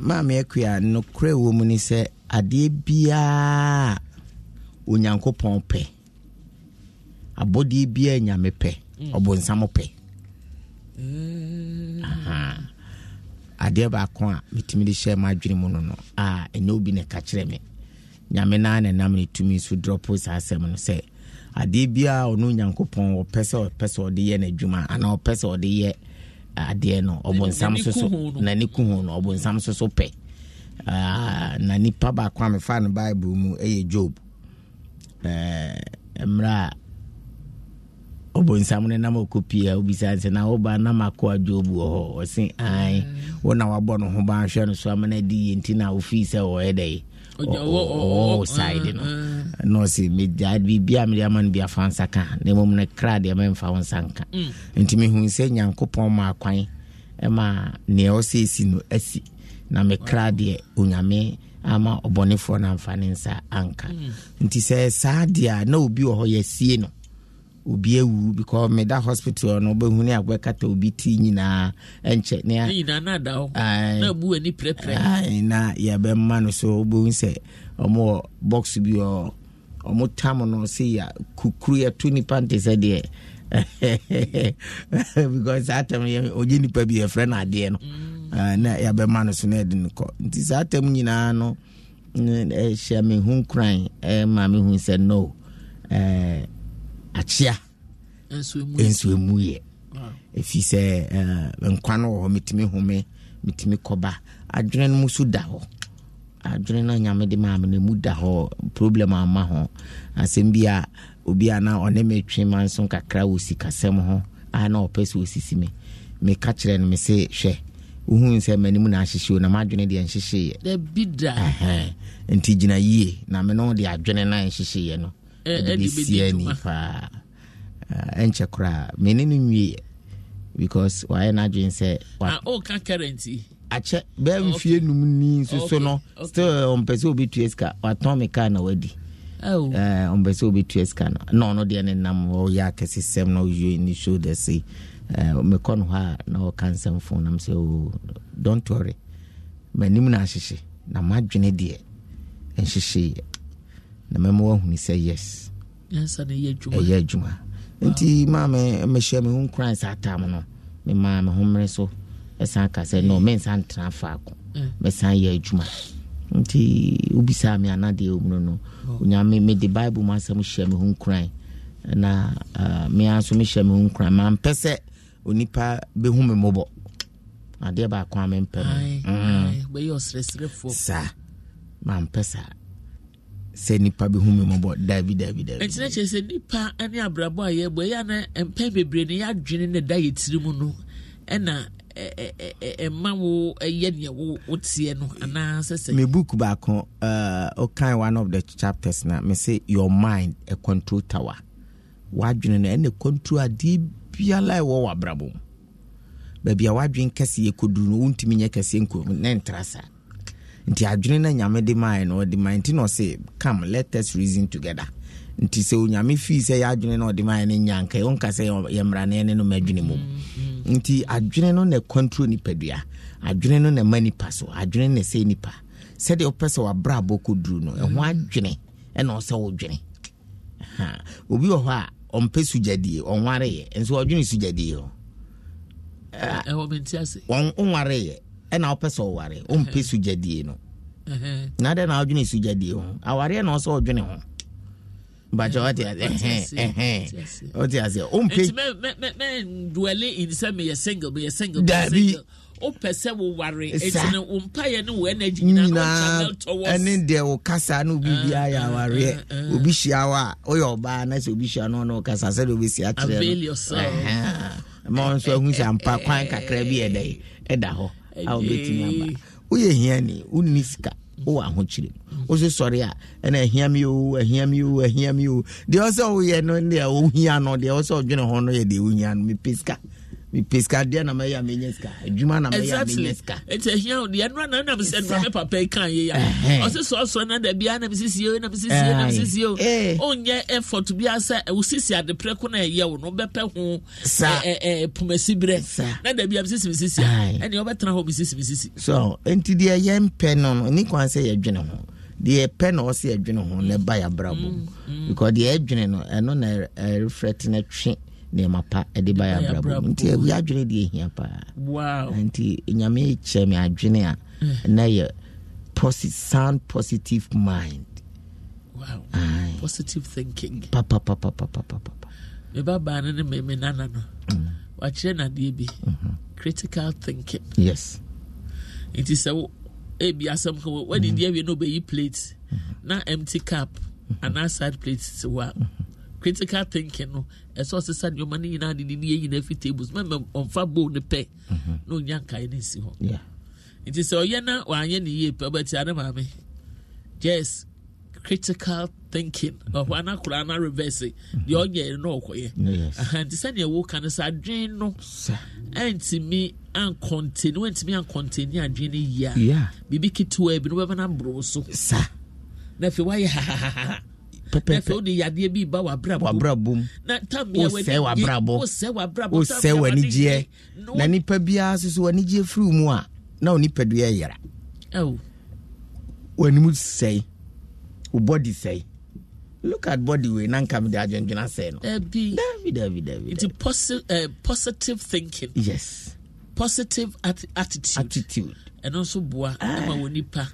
maame akua nokorɛ wɔ mu ni sɛ adeɛ biaa onyankopɔn pɛ abɔdeɛ biaa nyame pɛ mm. ɔbonsam pɛ mm. adeɛ baako a metumi de hyɛ m'adwene mu no no a ɛnɛ obi ne ka kyerɛ me nyame naa na nam ne tumi so drɔpo saa asɛm no sɛ adeɛ biaa ɔno onyankopɔn ɔpɛ sɛ ɔpɛ sɛ ɔde yɛ n'adwuma anaa ɔpɛ sɛ ɔde yɛ adeɛ no ɔbɔ nsam soso na ne kuhu no ɔbonsam soso pɛ na nipa baako a mefa no bible mu yɛ job mmerɛ a nsam no nam ɔkɔ pie a wobisa sɛ na woba nam akɔ a job wɔ hɔ ɔse ae mm. wo na wabɔ no ho ban hwɛ no so ama no adi yɛ nti na wofii sɛ ɔyɛ dɛyɛ ɔwɔ oh, oh, oh, side uh, no na ɔsɛ mede ama no bi afa nsa ka na mmom kra deɛ mamfa wo nsa nka mm. nti mehu sɛ nyankopɔn ma e, ma neɛ ɔsɛ ɛsi no asi e, na mekra deɛ onyame ama ɔbɔnefoɔ no amfa ne nsa anka mm. nti sɛ saa deɛ a na obi wɔ hɔ yɛsie no obi ewu because meda hospital no wobɛhu ne agbɛkata obi ti nyinaa ɛnkyɛ na Na-abụ Na yɛbɛma no so wobɛhu sɛ ɔmowɔ box bi ɔ ɔmo tam no sɛ ya kukuru tu nnipa nte sɛ deɛ because saa tam ɔgye nnipa bi yɛfrɛ no mm. adeɛ no na yɛbɛma no so na yɛde no kɔ nti saa tam nyinaa no ɛhyɛ mehu nkuran ma mehu sɛ no uh, akyea nso emu yɛ ah. efi sɛ eh, nkwa no wɔ hɔ mitumi home mitumi kɔba adwene no mu so da hɔ adwene no nyame de maame no mu da hɔ problem ama ho asɛm bi a obi a na ɔne me twe ma nso kakra wɔ sikasɛm ho a na ɔpɛ sɛ ɔsisi me meka kyerɛ no me se hwɛ wohu sɛ m'anim na ahyehyɛ o na m'adwene deɛ nhyehyeeɛ nti gyina yie na me no de adwene no nhyehyeeɛ no ɛde bɛsi ani paa ɛnkyɛ koraa mene no nwieɛ because wayɛ no adwene ah, sɛ oh, woka currenty akyɛ bɛɛ mfie num ni nso no still ɔmpɛ eh, sɛ wobɛtua sika watɔn me kaa na wadi ɔmpɛ sɛ wobɛtua sika no eh, na ɔno deɛ ne nam ɔyɛ akɛse sɛm na ɔyɛ shoulder se mekɔ no hɔ a na ɔka nsɛmfo nam sɛ don't worry m'anim no ahyehye na madwene deɛ nhyehyeyɛ na mɛma woahunu sɛ yes ɛyɛ adwuma nti maa mehyɛ me ho nkran saa tam no memaa me ho mmerɛ so ɛsan ka sɛ no mm. mensa ntena faako mɛsan mm. yɛ adwuma nti wobisaa mi anadeɛ ɔmuno no onyame mede bible mu asɛm hyɛ me ho nkran na ah, mea nso mehyɛ me ho nkran mampɛ sɛ onipa bɛhu me mmɔbɔ adeɛ baako a mempɛ no mm. saa mampɛ saa sɛ nipa bi hun mi mɔbɔ daabi daabi daabi. ɛkyinɛ kyerɛ sɛ nipa ne abrabɔ a yɛbɔ ɛyɛ ana mpɛn bebree no yɛadwene ne da yɛ tiri mu no ɛna ɛma wo ɛyɛ nea wo wo teɛ no anaa sɛ mi book baako ɛɛ uh, ɔkan one of the chapters na mi say your mind a control tower wadwene no ɛna control adeɛ biara ɛwɔ wɔ abrabɔ mu baabi a wadwene kɛseɛ kɔduru no wontumi nyɛ kɛseɛ nko ne ntra saa nti adwene no nyame de mae na ɔde mae nti na ɔse come let us reason together nti sɛ onyame fii sɛ yɛ adwene no ɔde mae no nya nka ɛwonka sɛ yɛmmraneɛ ne no ma adwene mu mm-hmm. nti adwene no na control nipadua adwene no na ma nipa so adwene na sɛ nipa sɛdeɛ wopɛ sɛ wabrɛ abɔ kɔduru no ɛho mm-hmm. adwene ɛna ɔsɛ wodwene obi wɔ hɔ a ɔmpɛ sugyadeɛ ɔnwareyɛ nso ɔdwene sugyadeɛ hɔ ɔnwareyɛ ɛna wopɛ sɛ ɔware wompɛ no na dɛn na wodwene sugya ho awareɛ na ɔsɛ ɔdwene ho bàtà wà ase ase o n pe. mẹ mẹ mẹ mẹ duwẹlẹ inisẹ mi yẹ single mi yẹ single mi yẹ wo mpa yẹ ni o nyinaa o kasa ni obi bi ah, ah, awareɛ ah, obi hyia wa o yɛ ɔbaa na sɛ obi hyia no ɔna o kasa sɛ akyerɛ no ɛmɛ wọn nso ehun sɛ ampa kwan kakra bi yɛ ɛda hɔ. a wobɛtumi aba woyɛ hiani wonni sika wowɔ ahokyere mu wo so sɔre a ɛna ahia me o ahia me o ahia me o deɛ ɔ sɛ woyɛ no deɛ wohia no deɛ ɔ sɛ ɔdwene ho no yɛ deɛ wohia no mepɛ mepɛ sika deɛ na mɛyɛ menyɛ sika adwuma na mɛyɛ menyɛ sika ɛti na papa yi kan yei a ɔse sɔɔsɔɔ na da biara nam sisie nam sisie nam sisie eh. effort biara sɛ wo sisi adeprɛ ko na ɛyɛ wo no wobɛpɛ ho pumasi berɛ na da biara mesisi mesisi a ɛneɛ wobɛtena hɔ mesisi mesisi so enti deɛ yɛmpɛ no no ɛni kwan sɛ yɛdwene ho deɛ pɛ na ɔse yɛdwene ho na ɛba yɛabrabɔ mm, mm. because deɛ ɛdwene no ɛno na ɛrefrɛ no twe nneɛma pa de ba yɛ abrabɔ nti awie adwene deɛ ɛhia paa nti nyame kyerɛ me adwene a mm. na yɛ sound positive mind wow. no ne meme nana no mm. wakyerɛ nadeɛ bi mm-hmm. critical thinking yes nti sɛ ebi asɛm ka wadidi mm-hmm. awie na obɛyi plate mm-hmm. na empty cup anaa side plate si hɔ a critical thinking no ɛsɛ ɔsɛ sa nneɛma no nyinaa de ne ne yɛnyina fi tables mɛma ɔmfa bowl no pɛ na ɔnya nkae no nsi hɔ nti sɛ oh, ɔyɛ na wanyɛ ne yie pɛ bɛti ade maame yes critical thinking ɔhɔ mm-hmm. oh, ana koraa na reverse deɛ mm-hmm. ɔnyɛ no na ɔkɔyɛ nti sɛdeɛ woka no sɛ adwene no ɛntumi ankɔntene wɛntumi ankɔntene adwene no yie a biribi ketewa bi no wobɛbɛ no aborɔ so na afei woayɛ hahahaha pɛpɛpɛ ɛfɛ o de yadeɛ bi ba wa brabɔ wa brabɔ mu na tam yɛ wɛ ni ye o sɛ wa brabɔ o sɛ wɛ ni jɛ na nipa biara soso wɛ ni jɛ firi mu a na o nipadua yɛra ɛwɔ wɛ ni mu sɛɛ o bɔdi sɛɛ look at body wey na nka mi de adwendwena sɛ no. ɛbi dabi dabi dabi. nti posi uh, positive thinking. yes. positive ati attitude. attitude. ɛno nso boa ɛma ah. wɔ nipa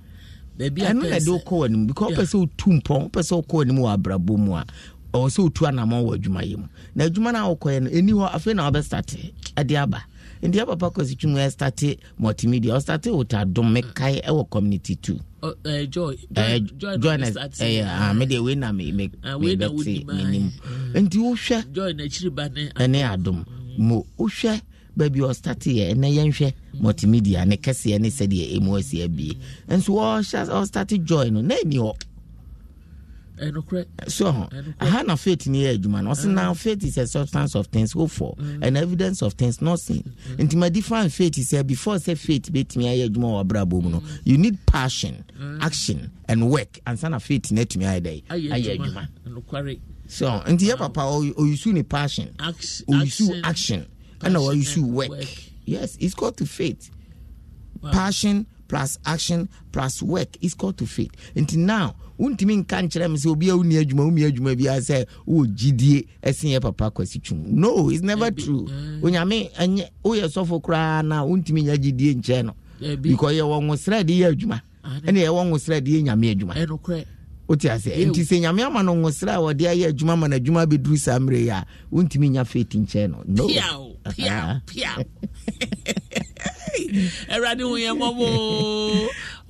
ɛno na ɛde wokɔ anim because wopɛ sɛ wotu mpɔn wopɛ sɛ wokɔ anim wɔ abrabɔ mu a ɔwɔ sɛ wotu anammɔ wɔ adwumayɛ mu na adwuma no a wokɔɛ no ɛni hɔ afei na wobɛstate ɛde aba nti ɛpapa kɔsi twum ɛstate multimedia ɔstate wotadom mekae ɛwɔ community two oh, eh, joinmede eh, eh, ah, wei na mebɛte ah, menim nti wohwɛ ɛne adom mo wohwɛ baabi ɔstateɛ ɛnɛ yɛnhwɛ multimedia ne kɛseɛ ne sɛdeɛ ɛmu asi abie nso ɔstate join. no na ɛni hɔ so aha na faith ni yɛ adwuma no ɔsi na mm. faith is a substance of things hope for mm. and evidence of things not seen mm. nti ma define faith sɛ before sɛ faith betumi ayɛ adwuma wɔ abrabɔ mu no you need passion action and work ansa na faith na etumi ayɛ dɛ ayɛ adwuma so nti yɛ papa oyusu ni passion oyusu action. action. and our issue work. work. Yes, it's called to faith. Wow. Passion plus action plus work is called to faith. Until now, wontumi nka nkyerɛ me sɛ obi a woni adwuma womi adwuma biaa sɛ wowɔ gyidie ɛsenyɛ papa kwasi twum no it's never Debbie. true eh. onyame ɛnyɛ woyɛ sɔfo koraa na wontumi nya gyidie nkyɛn no because yɛwɔ wo serɛ de yɛ adwuma ɛne yɛwɔ wo serɛ de yɛ nyame adwuma wote ase nti sɛ nyame ama no wo serɛ a wɔde ayɛ adwuma ma no adwuma bɛduru saa mmerɛ yi a wontumi nya feti nkyɛn no no yeah. piaw piaw ɛwurade hu yɛ mmɔbɔ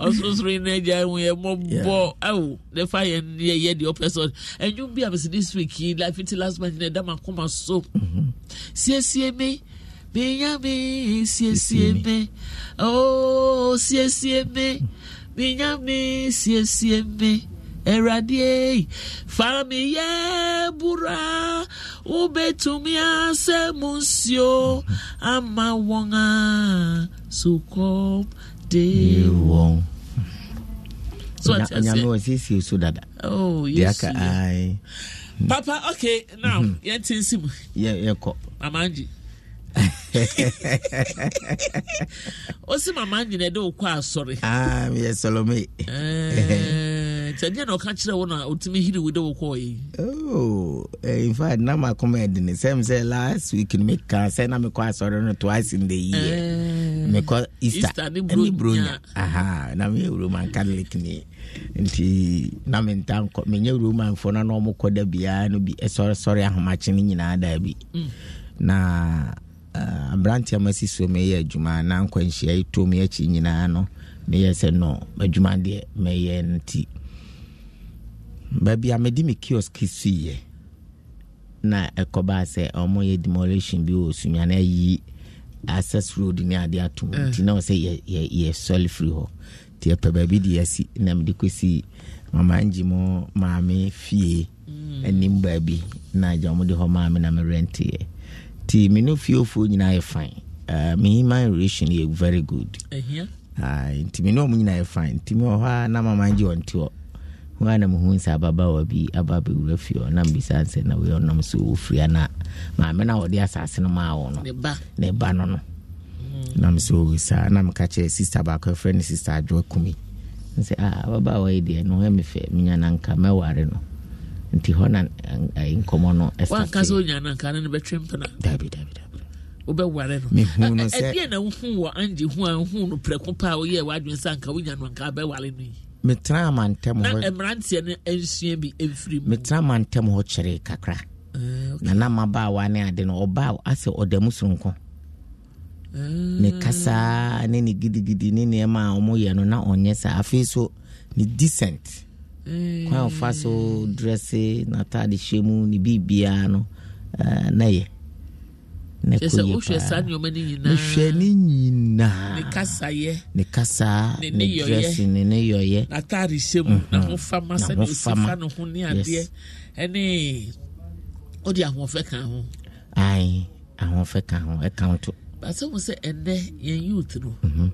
ɔsorosoro no agya hu yɛ mmɔbɔ awo ne fa yɛ yɛ yɛ deɛ ɔpɛ sɛ ɛnwom bi a bɛsɛ this week yi life nti last month na ɛda makoma so siesie me menya me siesie me oh siesie me menya me siesie me awurade fami yɛ bura wobɛtumi asɛ mu nsuo ama wɔn a sukɔm de wɔn. onyame wɔ siesie so dada oh, deɛ aka ae papa okay now mhm. yɛnte nsi mu yɛkɔ mamangye o si mama nyina de o kɔ asɔre. Ah, eh. mi yɛ sɔlɔmi. nti ɛdeɛ na ɔka kyerɛ wo na ɔtumi hiri wo de wo kɔɔyi oh, eh, in fact na makoma ɛde ne sɛm sɛ last week no meka sɛ na mekɔ asɔre no twice in the year eh, mekɔ easter ne bronya aha na meyɛ roman catholic ni nti na menta nkɔ menyɛ romanfoɔ no na ɔmokɔ da biara no bi ɛsɔresɔre ahomakye no nyinaa daa bi mm. na eh, aberanteɛ ma si so meyɛ adwuma na nkwanhyia yi tom akyi nyinaa no meyɛ sɛ no adwuma deɛ mɛyɛ no nti baabi a mede e. oh, me kiosk siiɛ na ɛkɔbaa sɛ ɔmoyɛ demolition bi wɔ sunyane ayi access road ne ade ato mu eh. nti na sɛ yɛsɔle firi hɔ nti ɛpɛ baabi de asi na mede kɔsi mama ngye mu maame fie anim mm. baabi na agya ɔmode hɔ maame na merɛnteɛ nti me no fiefoɔ nyinaa yɛ fan uh, eh, me relation yɛ very good eh, nti me ne ɔmo nyinaa yɛ fan nti me wɔ hɔ a na mama ngye ɔnte hɔ na muhu sɛ ababaawa bi aba abɛwura fie ɔ na mbisa sɛ na wei ɔnam sɛ ɔwɔfiri ana maame no a wɔde asase no maa wɔ no ne ba no no mm. nam sɛ ɔwu saa na mkache sister baako ɛfrɛ no sister adwoa kumi sɛ ah, ababaawa yi deɛ ya ɛ mife menya na nka mɛware no nti hɔ na nkɔmmɔ no dabi wobɛware no ɛdeɛ na wohu wɔ angye hu a hu no prɛko paa woyɛ w'adwene sɛ anka wonya no anka bɛware no yi metena amantam hɔ mmeranteɛ no nsua bi ɛmfiri mu metena amantam hɔ kyeree kakra eh, na na mmabaawa ne ade no ɔbaa asɛ ɔda mu sonko eh. ne kasaa ne ne gidigidi ne nneɛma a ɔmoyɛ no na ɔnyɛ saa afei so ne decent eh. kwan ɔfa so dresse n'ataade hyɛ mu ne biribiara no na yɛ mɛkɔyɛ paa mehwɛ ne nyinaa ne kasaeɛ ne kasa ne dress ne ne yɔyɛ n'ataare hyɛ mu mm-hmm. n'ahofama sɛdeɛ osifa ne ho ne adeɛ ɛne ɔde ahoɔfɛ ka ho ae ahoɔfɛ ka ho ɛka ho to baasa mu sɛ ɛnɛ yɛn youth no mm-hmm.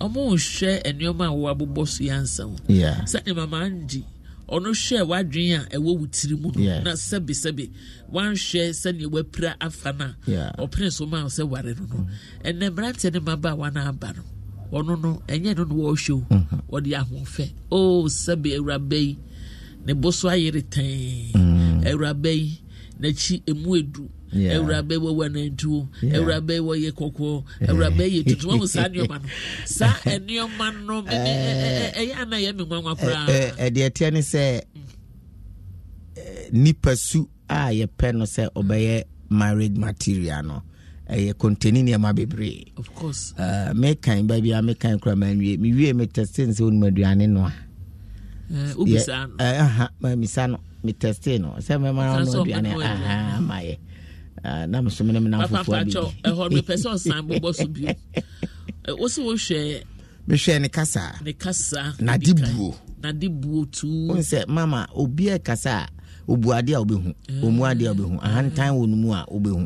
ɔmo nhwɛ nneɛma a wɔabobɔ so yɛ ansa mama angye ɔno hwɛ wadwin a ɛwɔ wo tiri mu no na sɛbi sɛbi wanhwɛ sɛnea wapira afa no a ɔpene so ma sɛ ware no no ɛnɛ mmeranteɛ ne mmabaawa wana aba no ɔno no ɛnyɛ no no wɔrehwɛ mm-hmm. o ɔde ahoɔfɛ o sɛbi awuraba yi ne bo so ayere tɛn awuraba mm. yi n'akyi emu edu awuraba wɔ wanantuo awuraba wɔ yɛ kɔkɔɔ awuraba yɛ tuntum ɔmo saa nneɛma no saa nneɛma no ɛyɛ ana yɛ mi nwanwa eh, koraa. ɛdeɛ eh, eh, teɛ ne sɛ nipa su a yɛpɛ no sɛ ɔbɛyɛ marriage material no ɛyɛ kɔntɛni nneɛma bebree. of course. mekan baabi a mekan kura maa nwie mewie metɛsite nsɛ onum aduane no a. wobisa no. misa no metɛsite no sɛ mɛma no aduane a mayɛ. Ah, na mesome no menam fofoa biɛhɔ eh, mepɛ sɛ ɔsan bobɔ so bio eh, wo sɛ wohwɛ mehwɛ ne kasa ne kasa nade buo nade buo tuo sɛ mama obiaa kasa a obu eh. adeɛ a wobɛhu ɔmu adeɛ a wobɛhu ahantan wɔ no mu a wobɛhu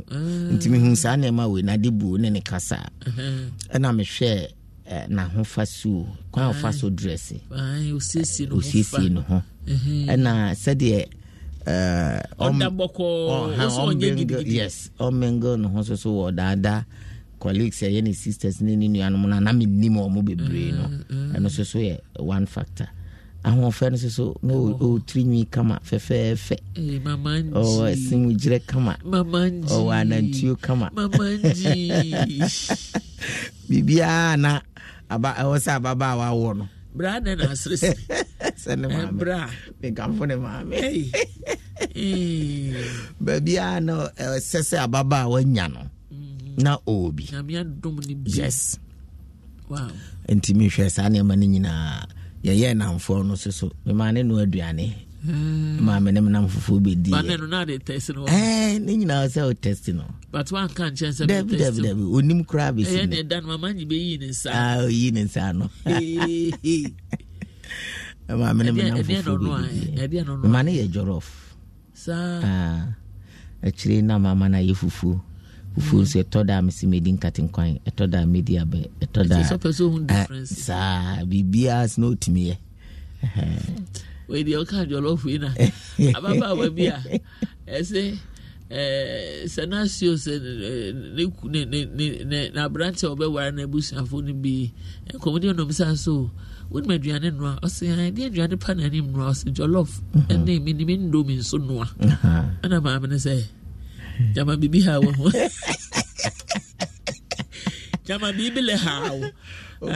nti mehu saa nneɛma wei nade buo ne ne kasa ɛna mehwɛ n'ahofa suo kwan a ɔfa so dresse osiesie no ho ɛna sɛdeɛ ɔmɛngirl eh, oh, ne ho so so wɔ daadaa colleagues ɛyɛ eh, ne sisters ne ne nuanom no ana mennim ɔ mo bebree no ɛno mm, mm, mm. eh, so so yɛ one factor ahoɔfɛ no soso na ɔtiri nwi kama fɛfɛɛfɛ ɔwɔ asimugyerɛ kama ɔwɔ anantuo oh, kama biribiaa na ɛwɔ sɛ ababaa waawɔ no bra ne na asere sɛ ne maame mekamfo ne maame baabiaa na ɛsɛ sɛ ababa a wanya no mhm. na ɔɔbi yes nti mehwɛ saa nneɛma no nyinaa yɛyɛ namfoɔ no so so mema ne no aduane hmm. ma me ne menam fofoɔ bɛdiɛ ne nyinaa sɛ wo test no dabidabidabi ɔnim koraa bɛsinoyi ah, ne nsa no ma me ne menam fofoɔ bɛdiɛ mema ne yɛ jorof akyire ah. na mama no ayɛ fufuo fufuo mm. nso ɛtɔ da a mese medi nkatenkwan ɛtɔ da a medi abɛ ɛtɔ da ah, saa biribiaa sɛ na ɔtumiyɛ wɔdi ɔka jɔlɔfo yi na ababaawa bi a ɛsɛ sɛ n'asio sɛ ne ne ne ne aberante a ɔbɛware n'abusuafo no bi nkɔmɔden nom sa so wonum aduane noa ɔsɛ ɛne aduane pa n'anim noa ɔsɛ jollof ɛne mene me ndomi nso noa ɛna maame no sɛ gyama biribi ha wɔ ho gyama biribi lɛ ha wo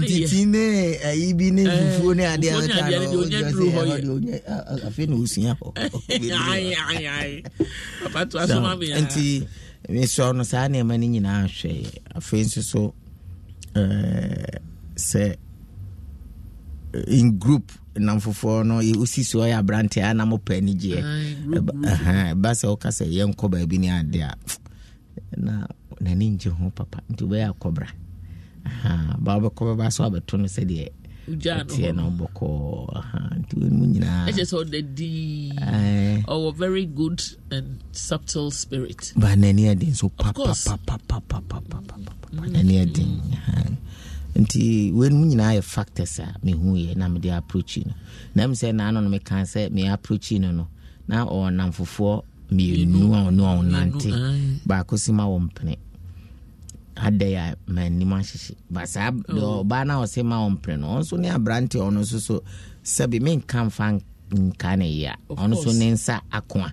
ntitine ayi bi ne fufuo ne adeɛ ɛta no ɔnyɛ duro hɔ yɛ afei na osua hɔ papa to asoma mi ya nti mesɔɔ no saa nneɛma no nyinaa hwɛ afei nso so Eh, sɛ eh, in group nam fofoɔ no wosi eh, so ɔyɛ aberanteɛ a na mopɛ anigyeɛ ah, ba sɛ woka sɛ yɛnkɔ baabi ne ade a na n'ani ngye ho papa nti wobɛyɛ akɔbra ba wobɛkɔ bɛba so abɛto no sɛdeɛ tiɛ na ɔbɔkɔ nti wɔn mu nyinaa. ɛkyɛ sɛ ɔda ɔwɔ very good and subtle spirit. ba n'ani ɛden so papapapapapapapa n'ani ɛden nti wɔn mu nyinaa yɛ factors a mehu yɛ na mede approach no na mi sɛ naanu no mi kan sɛ mi approach no no na ɔnam fofoɔ mmienu a ɔno a ɔnante baako si ma wɔn pene adɛn a m'anim ahyehye ba saa oh. deɛ ɔbaa no a ɔsɛ ma ɔmprɛ no ɔnso ne aberante ɔno nso so sɛbi menka mfa nka ne yɛ a ɔno so ne nsa akoa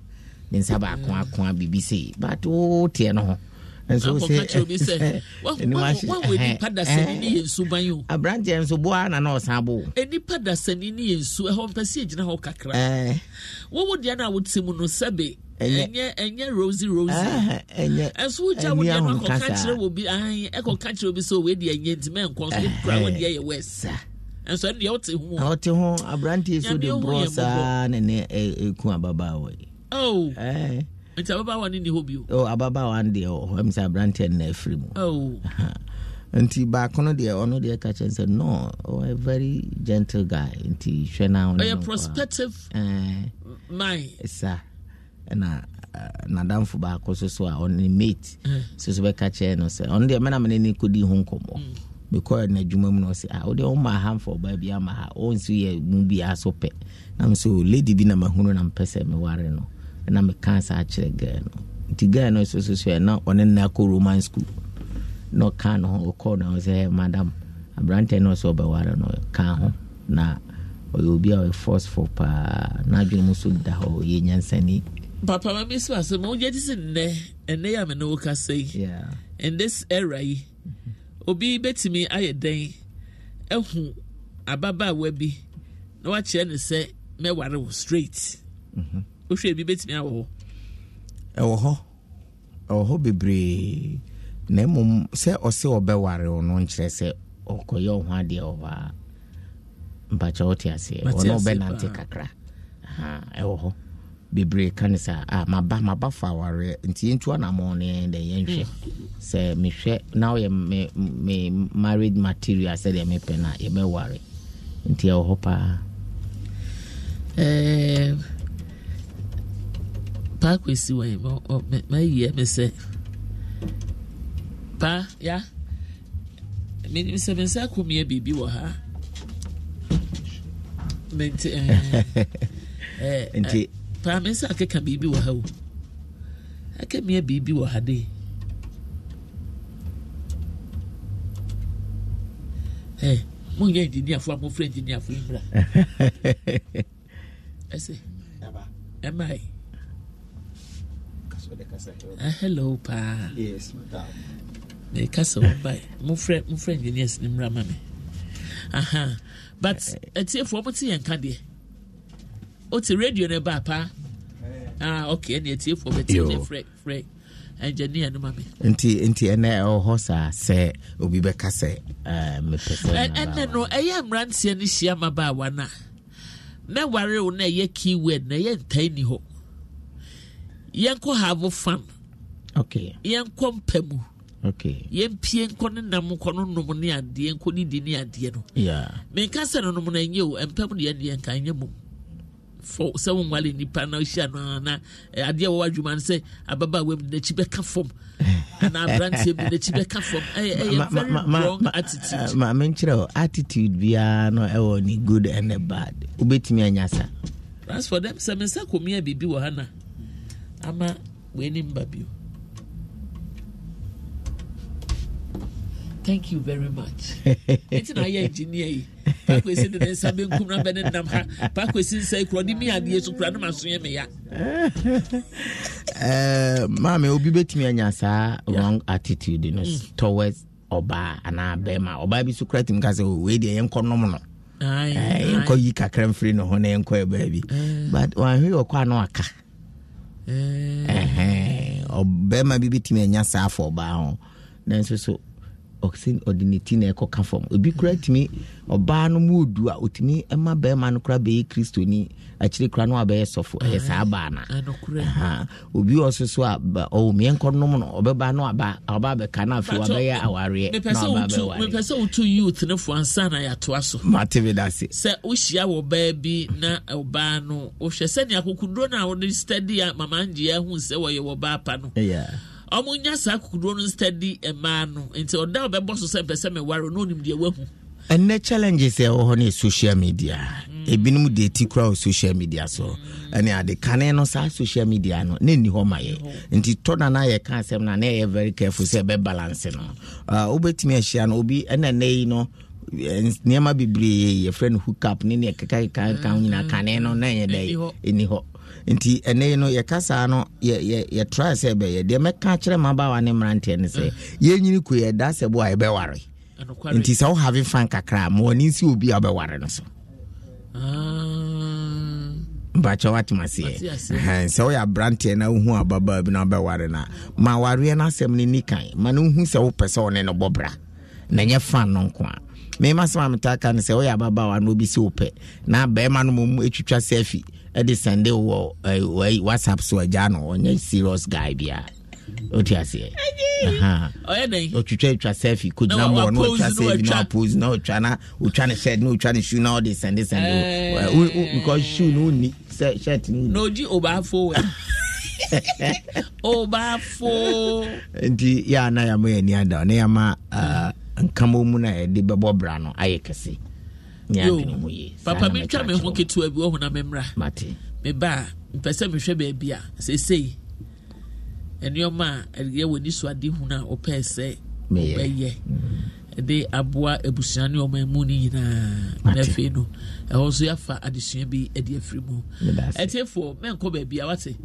ne nsa baako akoa mm. biribi sei but woteɛ no ho aberanteɛ nso boa na e, eh. na ɔsan bo nipa dasani ne yɛ nsu ɛhɔ mpɛ sɛ ɛgyina hɔ kakra wɔwɔ deɛ no a wote no sɛbe ɛnyɛ ɛnyɛ rosy rosy ɛso wogya wo no akɔka kyerɛ wɔ bi ɛkɔka kyerɛ bi sɛ wɔadi ɛnyɛ nti mɛ nkɔ so kura wɔ deɛ yɛ wɛs ɛno deɛ wote ho ɔte ho aberanteɛ so de borɔ saa ne ne ɛku ababaawa yi nti ababaawa no ni hɔ bio ababaawa no deɛ ɔhɔ ɛm sɛ aberanteɛ no na afiri mu oh. nti baako no deɛ ɔno deɛ ka kyɛn sɛ no ɔyɛ oh, very gentle guy nti hwɛ na oh, ɔyɛ prospective eh. mind sa na eh, nadamfo baako so so a ɔne mate mm. so so bɛka kyerɛ no sɛ ɔno deɛ mɛna mene ne kɔdi ho nkɔmmɔ mekɔɛ no adwuma mu no ɔse ah, a wode woma ha mfa ɔbaa bi ama ha ɔnso yɛ mu biaa so pɛ nam sɛ lady bi na mahunu na mpɛ sɛ meware no ɛna meka saa kyerɛ gaa no nti gaa no so so so e, na ɔne nna kɔ roman school na ɔka no ho ɔkɔɔ no sɛ madam aberantɛ no sɛ ɔbɛware no ka ho na ɔyɛ obi a ɔyɛ e forceful paa na adwene mu so da hɔ ɔyɛ nyansani papa ma mesi ase ma wogye ti si nnɛ nnɛ yi a ne wo yi in this era yi obi betumi ayɛ dɛn ehu ababaawa bi na wakyerɛ ne sɛ mɛware wo straight mhm. wohwɛ bi betumi awɔ hɔ ɛwɔ hɔ ɛwɔ hɔ bebree na mmom sɛ ɔsɛ ɔbɛware wo no nkyerɛ sɛ ɔkɔyɛ ɔho adeɛ wɔ a mpakyɛ wote aseɛ ɔno kakra bebree ka ne saa a ah, maba maba fa awareɛ nti yɛntu anamɔ no yɛn dɛ yɛnhwɛ sɛ mehwɛ na woyɛ me, me married material sɛdeɛ mepɛ no a yɛbɛware nti ɛwɔ hɔ paa eh, paa kwesi wɔ mayiɛ me sɛ paa ya menim sɛ me nsa komiɛ biribi wɔ ha nti paa me nsa akeka biribi wɔ ha o aka biribi wɔ ha de ɛ monyɛ inginiafo a mofrɛ inginiafo mmra ɛsɛ ɛmae ah, hello paa mekasa wo bae mofrɛ mofrɛ engineers no mmra ma me aha but atiefoɔ eh. mote yɛnka deɛ o ti radio ne ba pa eh. ah okay ɛna etie fo bɛ ti ne frɛ frɛ engineer no ma mi. nti nti ɛnɛ ɛwɔ hɔ saa sɛ obi bɛka sɛ ɛɛ mepɛ sɛ. ɛnɛ no ɛyɛ mmeranteɛ no hyia ma ba awa na na ware wo na ɛyɛ keyword na ɛyɛ ntae ni hɔ yɛnkɔ have fun. okay yɛnkɔ mpɛ mu. okay yɛmpie nkɔ ne nam nkɔ no nom ne adeɛ nkɔ ne di ne adeɛ no. yeah menka sɛ no nom na ɛnyɛ o mpɛ mu deɛ deɛ nka ɛnyɛ mu. fɔ sɛ wo nwale nipa na wohyia no na eh, adeɛ wɔwɔ adwuma no sɛ ababaawa mu n'akyi bɛka fam anaa aberanteɛ bɛka fam eh, menkyerɛ o attitude biara no ɛwɔ ne good and bad wobɛtumi anya sa transfer sɛ me kɔmia biribi wɔ ha ama w'anim ba bio thank you very much ɛnti na ayɛ engineer yi pakwesi de ne nsa benkum na bɛ ne nam ha pakwesi nsa ekura ɔde mi adeɛ so kura ne ma so yɛ mi ya. Eh, maame obi betumi anya saa wrong attitude no mm. towards ɔbaa anaa bɛrima ɔbaa bi so kura tim ka sɛ o wei deɛ yɛn kɔ nom no yɛnkɔ yi kakra mfiri ne ho na yɛnkɔ yɛ baabi eh. but wahwe ɔkɔ ano aka ɔbɛrima eh. bi betumi anya saa afɔ ɔbaa ho nanso so oxygen ɔde ne ti na ɛkɔ ka fam obi kura tumi ɔbaa no mu odu a otumi ɛma bɛrima no kura bɛyɛ kristoni akyire kura no a bɛyɛ sɔfo ɛyɛ saa baa na obi ɔso so a ɔwɔ miɛ nkɔ nom no ɔbɛba no aba abɛka no afei wabɛyɛ awareɛ mepɛ sɛ wotu youth no fo ansa na yɛatoa so mate me da sɛ wohyia wɔ baa bi na ɔbaa no wohwɛ sɛnea kokuduro no a wode study a mamangyeɛ ahu sɛ wɔyɛ wɔ baa pa no ɔmo nya saa kokoduro no steady mmaa no nti ɔda ɔbɛbɔ so sɛ mpɛ sɛ meware no onim deɛ wahu ɛnɛ challenges a ɛwɔ hɔ no social media mm. ebinom de ti kura wɔ social media so mm. ɛne ade kane no saa social media no ne ni hɔ ma yɛ nti tɔ na na yɛ ka asɛm na na yɛ very careful sɛ ɛbɛ balance no ah, wobɛtumi ahyia no obi ɛna nɛ yi no eh, nneɛma bebree yɛfrɛ no up, ne ne ɛkekakeka ka nyinaa mm. kane no na ɛyɛ dɛ ɛni hɔ nti ɛne no yɛka saa no yɛtra sɛ ɛbɛyɛ deɛ mɛka kyerɛ ma bawa ne mmeranteɛ no sɛ mm. yɛnyini ko yɛda sɛ bo a yɛbɛware nti sɛ wohave fan kakra ma wɔne nsi obi a wobɛware no so ah. mpakyɛ woatem aseɛ sɛ woyɛ aberanteɛ na wohu ababaa bi na wobɛware no a ma wareɛ no asɛm no ni kan ma no wohu sɛ wopɛ sɛ wone no bɔbra na ɛnyɛ fan no nko a mema sɛ mameta ka no sɛ woyɛ ababaawa na obi sɛ wopɛ na bɛrima no mom ɛtwitwa selfi ɛde sɛnde eh, wɔ whatsapp so agya no ɔnyɛ serious guy biaa wote aseɛ ɔtwitwa twa selfi kɔgyina mmɔ na ɔtwa selfi na ɔpose na ɔtwa na ɔtwa ne shirt na ɔtwa ne shoe na ɔde sɛnde sɛnde eh. because shoe no wonni shirt no wonni na ɔgye obaafo wɛ obaafo nti yɛ ana yɛma yɛani ah, ada ɔne yɛma nkama mu no a yɛde bɛbɔ bra no ayɛ kɛse papa metwa me ho ketewa bi wɔho na memmra meba a mpɛ sɛ mehwɛ baabi a seesei nneɔma a ɛyɛ wɔ ni so ade hunu a wɔpɛɛ sɛ wɔbɛyɛ mm. ɛde aboa abusua ne mu no nyinaa na afei no ɛhɔ nso yɛafa adesua bi ade afiri mu ɛtiefoɔ mɛnkɔ baabi a wate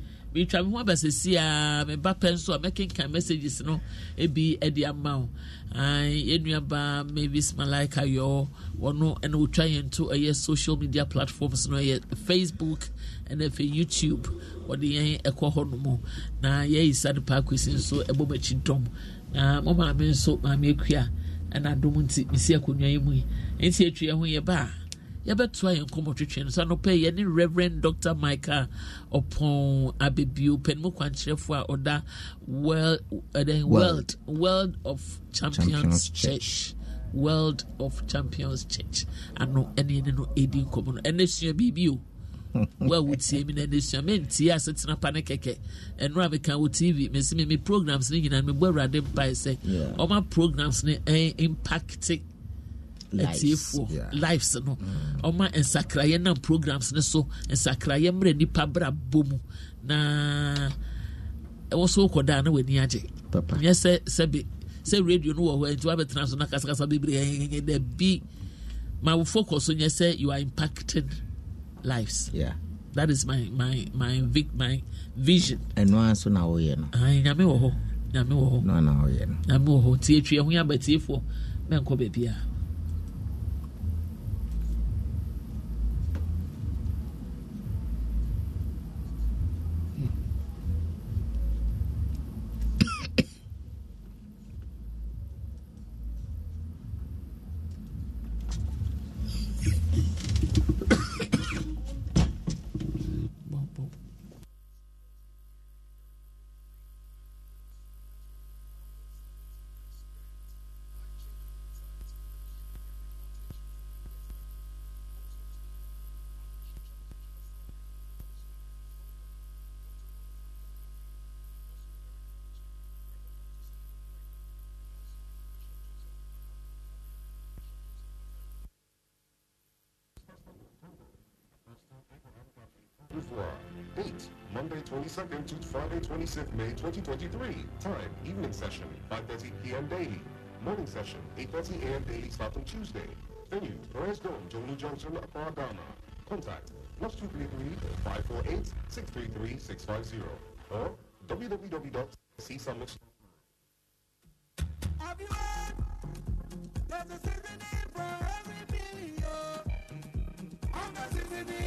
metwa me ho abɛsɛsi a meba pɛ nso a mɛkenkan messages no bi de ama wo yɛnnuaba mavis malika yɔ wɔno ɛna wɔtwa yɛn to ɛyɛ social media platforms no ɛyɛ facebook ɛna afei youtube wɔde yɛn ɛkɔ hɔ no mu na yɛyi sane paakwesi nso ɛbɔ m'akyi dɔm na mo maame nso maame akua ɛna adom nti mesi akonnwa yi mu yi ɛnti atwi yɛn yɛ baa yɛbɛtoa yɛn nkɔmmɔtwetwe no sɛ nopɛ yɛne reverend dr michael ɔpon abɛbio panimu kwankyerɛfoɔ a ɔda world, uh, world world of champions, champions church, church. world of champions church I know any no ɛdi nkɔmmɔ no ɛnɛ sua biribi o wa wotie mi na ɛnɛ sua mentie asetena pa ne kɛkɛ ɛnora meka wo tv mesi me me programs ne nyinaa mebɔ awurade mpae sɛ ɔma programs ne ɛn eh, impacte atiefoɔ lives no mm. ɔma nsakraeɛ nam programs no so nsakraeɛ mmerɛ nipa bra bɔ mu na ɛwɔ so wokɔ daa na w'ani agye nyɛ sɛ sɛbe sɛ radio no wɔ hɔ nti wabɛtena so na kasakasa bebree ɛyɛ dabi ma wo focus so nyɛ sɛ you are impacting lives yeah. that is my my my vic my vision. ɛnu aso na woyɛ no. ayi nyame wɔ hɔ nyame wɔ hɔ. nua na woyɛ no. nyame wɔ hɔ tie tue ho yaba tie fo mɛ nkɔ baabi a. through 8. Monday 22nd to Friday 26th May 2023. Time, evening session, 5.30 p.m. daily. Morning session, 8.30 a.m. daily starting Tuesday. Venue, Perez Dome, Jolene Junction, Accra, Ghana. Contact, plus 233-548-633-650 or www.csummit.com. Everywhere, there's a symphony for I'm the symphony.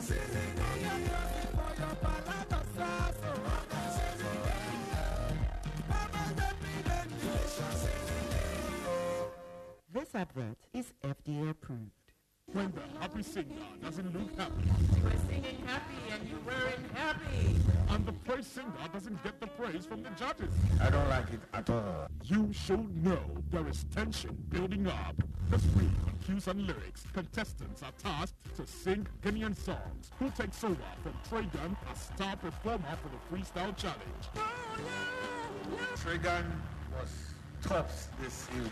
Sitting you your music for your balance. Advert is FDA approved. When the happy singer doesn't look happy, we're singing happy and you weren't happy. And the praise singer doesn't get the praise from the judges. I don't like it at all. You should know there is tension building up. This week on Cues and Lyrics, contestants are tasked to sing Guinean songs. Who takes over from Trey Gunn as star performer for the Freestyle Challenge? Oh, yeah, yeah. Trey Gunn was tops this evening.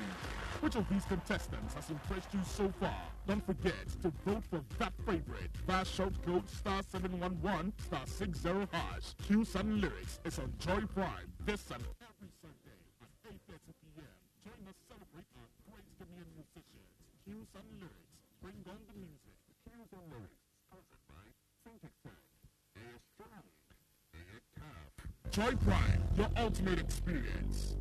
Which of these contestants has impressed you so far? Don't forget to vote for that favorite via short code star 711 star 60 hash. Cues and lyrics is on Joy Prime this and every Sunday at 8.30 p.m. Join us celebrate our great Ghanaian musicians. Cues and lyrics. Bring on the music. Cues and lyrics. Sponsored by Syntexac, Air Strong, Air Cap. Joy Prime, your ultimate experience.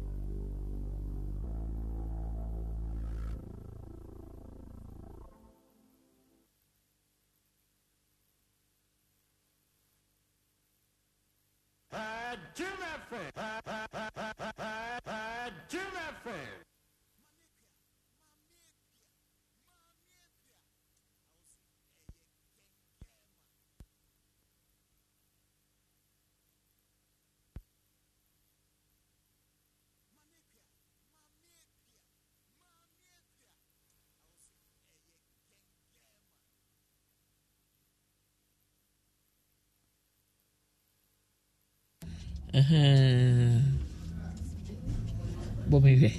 bɔ mehwɛ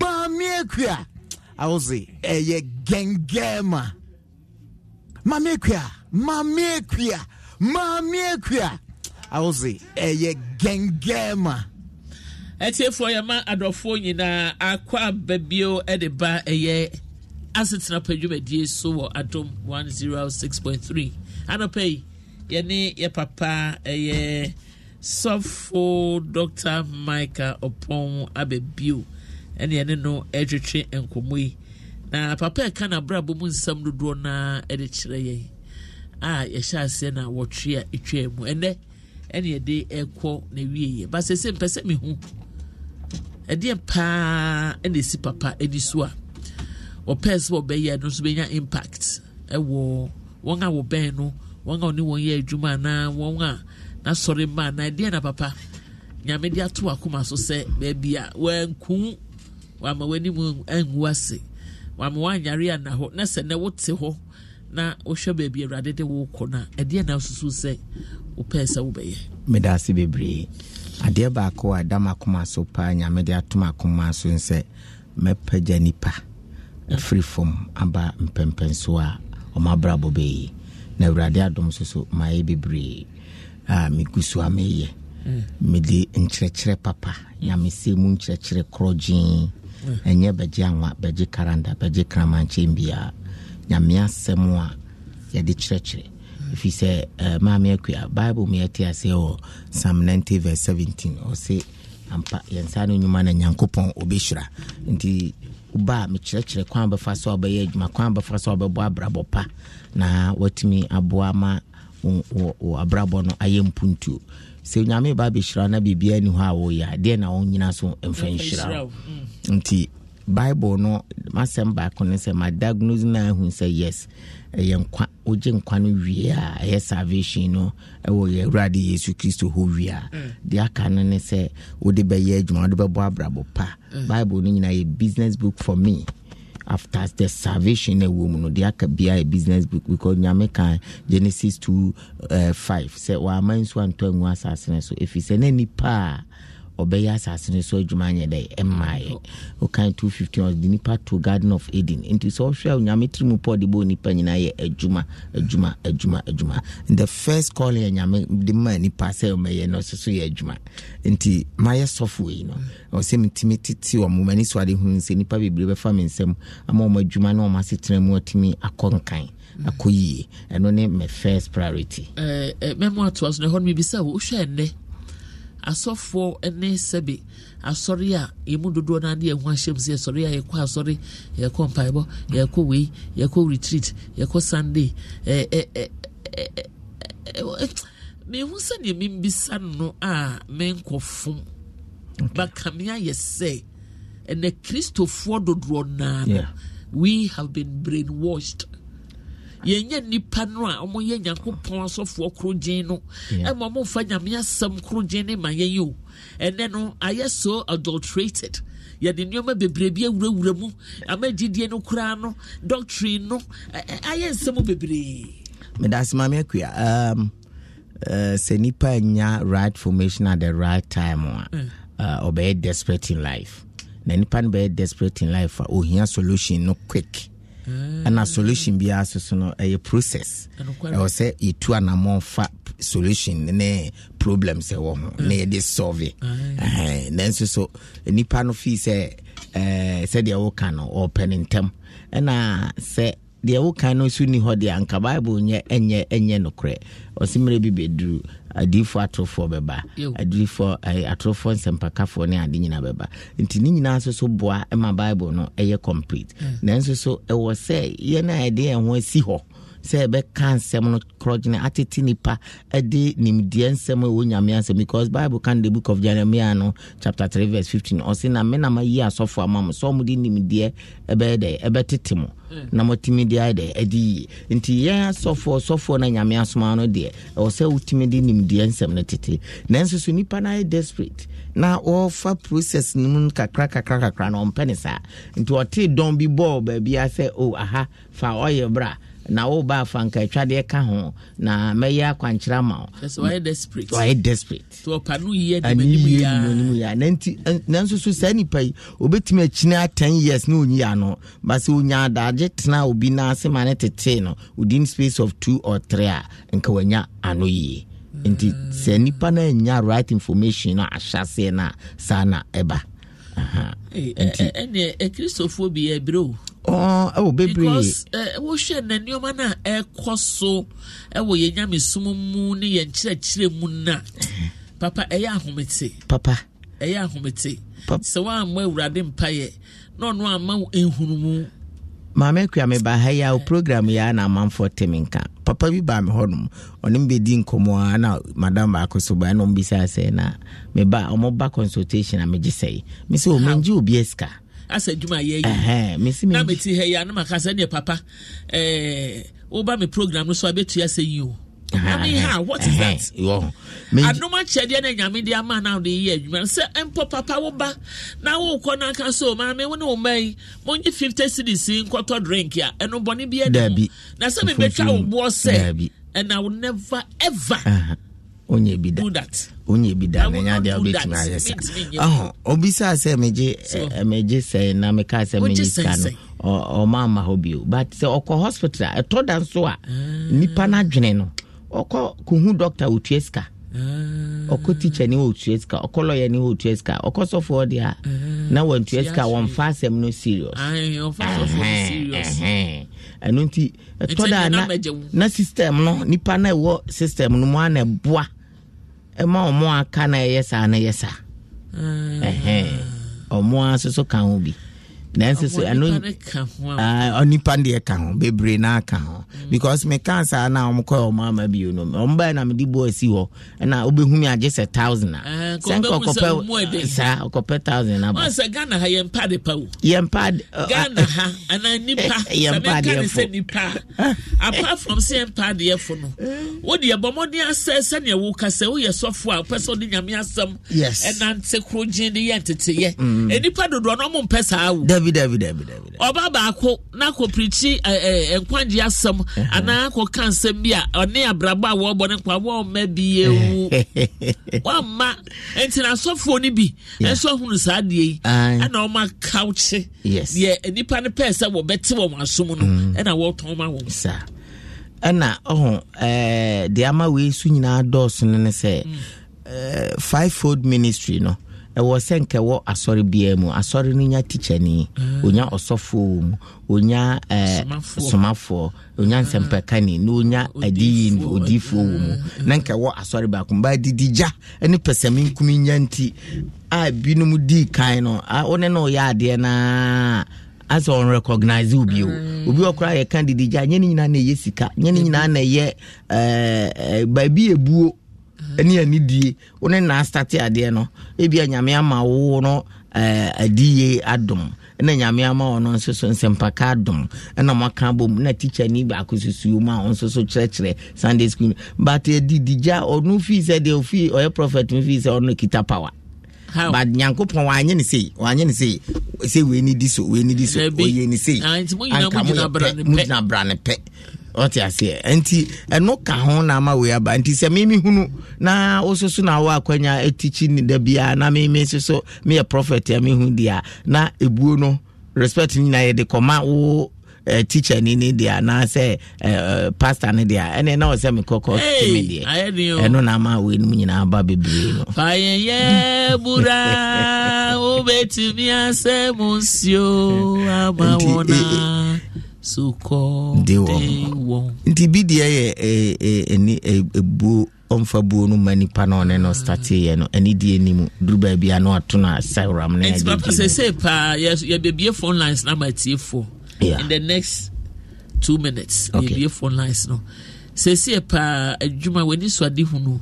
mameaku a awo se ɛyɛ gɛngɛɛma mameaku a mameaku a ɛyɛ ɛtiefoɔ yɛma nyinaa akɔ ababio de ba ɛyɛ asetena pa adwumadie so wɔ adom 106.3 anɔpa yi yɛne yɛ papa ɛyɛ sɔfo dr michael ɔpɔn abɛbio ɛne yɛne no ɛretwetwe nkɔmmɔ yi na papa ɛka n'abrabɔ mu nsɛm dodoɔ naa ɛde kyerɛ yɛn a yɛhyɛ aseɛ na wɔtwe a ɛtwa mu ɛnɛ ɛne yɛde ɛkɔ na wie basɛ sɛ mpɛ sɛ mehu ɛdeɛ paa ɛna ɛsi papa ani so a wɔpɛɛ sɛ wɔbɛyɛ no nso bɛnya impact ɛwɔ wɔn a wɔbɛn no wɔn a ɔne wɔn yɛ adwuma anaa wɔn a n'asɔre mma anaa deɛ na papa nyame de ato akoma e, so sɛ baabi a wɔanku wɔama w'anim angu ase wɔama wɔanyare ana hɔ na sɛ nɛ wote hɔ na wohwɛ baabi awurade de wokɔ na ɛdeɛ na sɛ sɛ meda ase bebree adeɛ baako a ɛda m paa nyame de so nsɛ afiri fam aba mpɛmpɛn so a ɔmo abrabɔ bɛyi na awurade adom so so maayɛ bebree a megu so a meyɛ mede nkyerɛkyerɛ papa nyamesɛ mu nkyerɛkyerɛ korɔ gyee ɛnyɛ bɛgye anwa bɛgye karanda bɛgye kramankyɛn biara nyame asɛm a yɛde kyerɛkyerɛ ɛfiri sɛ maame akua bible mu yɛte aseɛ wɔ psalm 90 verse 17 ɔse ampa yɛnsa no nnwuma no nyankopɔn ɔbɛhyira nti ba mekyerɛkyerɛ kwan bɛfa so a wobɛyɛ adwuma kwan bɛfa so a wobɛbɔ abrabɔ pa na watumi aboa ma wɔ abrabɔ no ayɛ mpuntuo sɛ onyame ba bɛhyira na biribia ni hɔ a woyɛ a deɛ na wo nyina so mfa nhyira mm. nti bible no masɛm baako no sɛ madiagnose no ahu sɛ yes ɛyɛ nkwa wogye nkwa no wie a ɛyɛ salvation no ɛwɔ yɛ awurade yesu kristo hɔ wie a mm. deɛ aka no ne sɛ wode bɛyɛ adwuma wode bɛbɔ abrabɔ pa mm. bible no nyinaa yɛ business book for me after the salvation na ɛwɔ mu no deɛ aka biaa yɛ business book because nyame ka genesis 2 uh, 5 sɛ wɔama nsu antɔ angu asase no so ɛfiri sɛ na nipa a ɔbɛyɛ asase no so adwuma nyɛ dɛ ɛmmaayɛ wokan 250 ɔde nipa to garden of eden nti sɛ ɔhwɛ onyame tiri mu pɔ de bɔ nipa nyinaa yɛ adwuma adwuma adwuma adwuma the first call yɛ nyame de ma nipa sɛ ɔmɛyɛ no ɔso so yɛ adwuma nti mayɛ sɔfo yi no ɔsɛ metumi tete wɔ mo m'ani so ade hunu sɛ nipa bebree bɛfa me nsam ama ɔma adwuma na ɔma asetena mu atumi akɔ nkan akɔ yie ɛno ne my first priority eh, eh, mɛmo atoa so na ɛhɔ no mebisa wo wohwɛ nnɛ asɔfoɔ ne sɛbe asɔre a yɛmu dodoɔ no ade yɛho ahyɛm sɛ asɔre a yɛkɔ asɔre yɛkɔ mpaebɔ yɛkɔ wei yɛkɔ retreat yɛkɔ sunday mehu sɛdeɛ membisa no a menkɔfom bakame ayɛ sɛ ɛnɛ kristofoɔ dodoɔ naa no we have been brainwashed yɛnyɛ nnipa no a ɔmoyɛ nyankopɔn asɔfoɔ korogyen no ɛma ɔmomfa nyame asɛm korogyen ne ma yɛn o ɛnɛ no ayɛ so adulterated yɛde nneɛma bebree bi awurawura mu ama gyidie no koraa no doctrine no ayɛ nsɛm bebree medase maame akua um, uh, sɛ nipa nya right formation at the right time a mm. uh, ɔbɛyɛ desperate in life na nipa no bɛyɛ desperate in life a ohia solution no quick ɛna mm. solution biara so so no ɛyɛ process ɛwɔ sɛ yɛtu anammɔn fa solution ne problems ɛwɔ ho na yɛde mm. solve eh, nanso so nipa no fii sɛ eh, sɛdeɛ woka no ɔpɛ ne ntɛm ɛna sɛ deɛ wokan no nso ni hɔ deɛ anka bible nyɛ ɛnyɛ ɛnyɛ nokorɛ ɔsimmerɛ bi bɛduru adiifoɔ atorofoɔ bɛba adiifoɔ atorofoɔ nsɛmpakafoɔ ne ade nyinaa bɛba nti ne nyinaa nso so boa ma bible no ɛyɛ complete mm. nanso so ɛwɔ sɛ yɛn a yɛde yɛn ho asi hɔ sɛ ɛbɛka nsɛm no korɔgyene atete nipa de nimdeɛ nsɛm ɛwɔ nyame asɛm because bible kan no the book of jeremia no chapter three verse fifteen ɔse na me na mayi asɔfo ama mo sɛ ɔmode nimdeɛ ɛbɛyɛ dɛ ɛbɛtete mo mm. na mɔtumi de ayɛ dɛ ɛde yie nti yɛn asɔfoɔ sɔfoɔ no nyame asoma no deɛ ɛwɔ sɛ wotumi de nimdeɛ nsɛm no tete nanso so nipa no ayɛ desperate na ɔfa process no mu kakra kakra kakra na ɔmpɛ ne saa nti ɔte dɔn bi bɔɔ baabi a sɛ o oh, aha fa ɔyɛ bra na woba afanka atwadeɛ ka ho na mɛyɛ akwankyerɛ ma woayɛ desperatenanso so saa nnipa yi obɛtumi akyina 10 years na ɔnyi ano ba sɛ ɔnya adagye tena obi no ase ma no tetee no within space of two or three a nka wanya ano yie nti sɛ nipa no anya right information no ahyɛseɛ no a saa na ɛba nti ɛneɛ akristofoɔ bi ɛwɔ bebree wohwɛ na nneɛma na a ɛkɔ so ɛwɔ yɛn nyamesom mu ne yɛn kyerɛkyerɛ mu na papa ɛyɛ ahomete papa ɛyɛ ahomete sɛ woamma awurade mpayɛ na ɔno amma nhunumu maame akua meba ha yi a wo program yi a na amanfoɔ te nka papa bi baa me hɔnom ɔne mbɛdi nkɔmmɔ a na madam baako so baa na ɔmbisaa sɛ na meba ɔmɔba consultation a megye sɛe me sɛ ɔmengye obi asika asɛ adwuma yɛ yi na meti ha yi a na maka sɛ neɛ papa woba me program no so a bɛtua sɛ yi o what is that adom akyɛdeɛ no nyame de ama na wode yɛ adwuma sɛ mpo papa woba na wokɔ no aka so maame wo ne wo ma yi monye 50 cedis nkɔtɔ drink a ɛno bɔne biɛ de na sɛ mebɛtwa wo boɔ sɛ and I will never ever uh-huh onye bi da onye bi da n'enye adi obetumi ayɛ sa ɔhɔn obisa sɛ megye megye sɛ na meka sɛ menye sika no ɔma ama hɔ bio but sɛ ɔkɔ hospital a ɛtɔ da nso a ah. nipa n'adwene no ɔkɔ kuhu doctor otua sika ɔkɔ ah. teacher ni otua sika ɔkɔ lawyer ni otua sika ɔkɔ sɔfo ɔdi a na wɔn otua sika wɔn fa asɛm no serious ɛhɛn ɛnu nti ɛtɔ na na system no nipa na ɛwɔ system no mu a na ɛboa ɛma ɔmo aka na ɛyɛ saa na ɛyɛ saa ah. ɔmo a soso ka ho bi. nanso so ɛno onipa deɛ ka ho bebree no aka ho mm. because meka saa na ɔmkɔ ɔma ama bio no ɔmbaɛ na mede bɔɔ asi hɔ ɛna wobɛhu me agye sɛ thousand a eh, sɛ nka ɔkɔpɛ ɔkɔpɛ thousand absɛ ghana ha yɛmpade pa o yɛmpade ghana ha nipa yɛmpadeɛ sɛ nipa apart from sɛ yɛmpadeɛfo no eh? wode yɛbɔ mmɔden asɛ sɛneɛ woka sɛ woyɛ sɔfo a wopɛ sɛ wode nyame asɛm ɛnante koro gyen de yɛ nteteyɛ ɛnipa dabi dabi dabi dabi. ọba baako n'akɔ pirikyi ɛɛ nkwagye asɛm uh-huh. anaa akɔ ka nsɛm bi a ɔne abrabɔ a wɔbɔ ne nkwa wɔmma bi ewu wɔmma nti n'asɔfoɔ no bi nso ahunu saa deɛ yi ɛna wɔn akawkye deɛ nipa no pɛɛ sɛ wɔbɛte wɔn asom no mm. ɛna wɔtɔn ma wɔn. ɛna ɔho ɛɛ eh, deɛ ama wei so nyinaa dɔɔso no ne sɛ ɛɛ mm. eh, five fold ministry no ɛwɔ sɛ nkɛ wɔ asɔre biara mu asɔre no nya tikyɛni eh. onya ɔsɔfoɔ mu onya eh, somafoɔ onya eh. nsɛmpɛkani na onya adiyi odiifoɔ wɔ mu na nkɛ wɔ asɔre baako mu baadidi gya ne pɛsɛmi nkumi nya nti a binom dii kan no a wɔne no yɛ adeɛ naa asɛ ɔn recognize wo bio obi wɔ koraa yɛka didi gya nyɛ ne nyinaa na ɛyɛ sika nyɛ ne nyinaa na ɛyɛ baabi yɛ ɛne anidie wo ne naa starte adeɛ no ebia nyame ama wo no eh, adie adom ɛna nyame ama wɔ no nso so nsɛmpaka adom ɛna moaka bom na tikya ni baako susuo mu a ɔnso so kyerɛkyerɛ sunday school but adidigya ɔno fii sɛ deɛ ɔfii ɔyɛ prophet no fii sɛ ɔno kita power but nyankopɔn wanyɛ ne sei wanyɛ ne sei sɛ wei ni di so wei ni di so ɔyɛ ne sei ah, anka mo gyina bra ne pɛ ɔte aseɛ nti ɛno ka ho na ama wei aba nti sɛ meme hunu na wo so so na wo akwanya tikyi da biaa na meme so so meyɛ prophet a mehu deɛ na ɛbuo no respect no nyinaa yɛde kɔma wo uh, teacher ni ni eh, eh, deɛ anaasɛ uh, pastor ni deɛ ɛnna ɛna ɔsɛ mekɔkɔ tumi deɛ ɛno na ama wei no nyinaa ba bebree no fayɛyɛ bura wobɛtumi asɛ mu nsuo ama wɔna sukɔ de wɔn nti bi deɛ yɛ e, ɛni e, e, ebuo ɔmfa buo no ma nipa na ɔne no starte yɛ no ɛne deɛ ni mu duru baabi a na wato no asawram no ɛnti papa sɛ sɛ paa yɛbɛbie phone lines na matiefoɔ in the next two minutes okay. yɛbie phone lines no sɛsɛ paa adwuma w'ani so ade hu no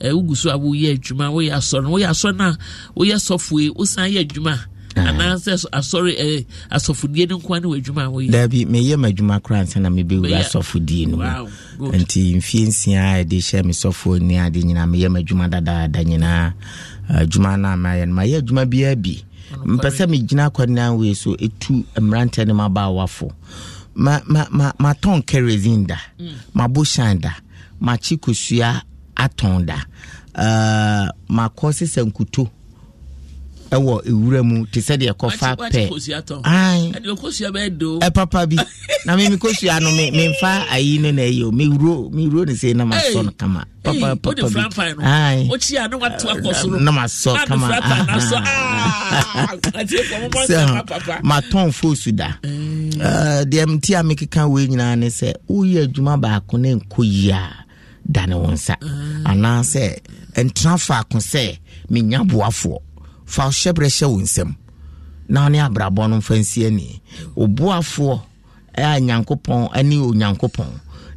wogu so a woyɛ adwuma woyɛ asɔre no woyɛ asɔre no a woyɛ sɔfoe wosan yɛ adwuma a anaasɛ asɔre eh, asɔfodie no nkoa ne w'adwuma a woyɛ daabi meyɛ ma adwuma koraa ansa na mebɛwura asɔfodie no mu nti mfie nsia a ɛde hyɛ me sɔfoɔ ni ade nyinaa meyɛ ma adwuma dadaada nyinaa adwuma no a mayɛ no mayɛ adwuma biara bi mpɛ sɛ megyina kɔnea wei so ɛtu mmeranteɛ no mabaawafo matɔn kerosene da mm. mabɔ shan da makye kosua atɔn da makɔ sesɛ nkuto ɛwɔ ewura mu te sɛ deɛ kɔfa pɛ ɛpapa bi na mimi kosua no memfa ayi ne na ɛyɛ o mewuro mewuro ne sɛ na masɔ no kama papa papa bi na masɔ kama ah. Ah! sɛ matɔn fosu da eh. Eh, deɛ nti a mekeka wei nyinaa ne sɛ woyɛ adwuma baako ne nkɔ yie a da ne wo nsa eh. anaasɛ ntena faako sɛ menya boafoɔ fa hyɛbrɛ hyɛ wo nsam na ne abrabɔ no mfa nsi ani oboafoɔ a nyankopɔn ne onyankopɔn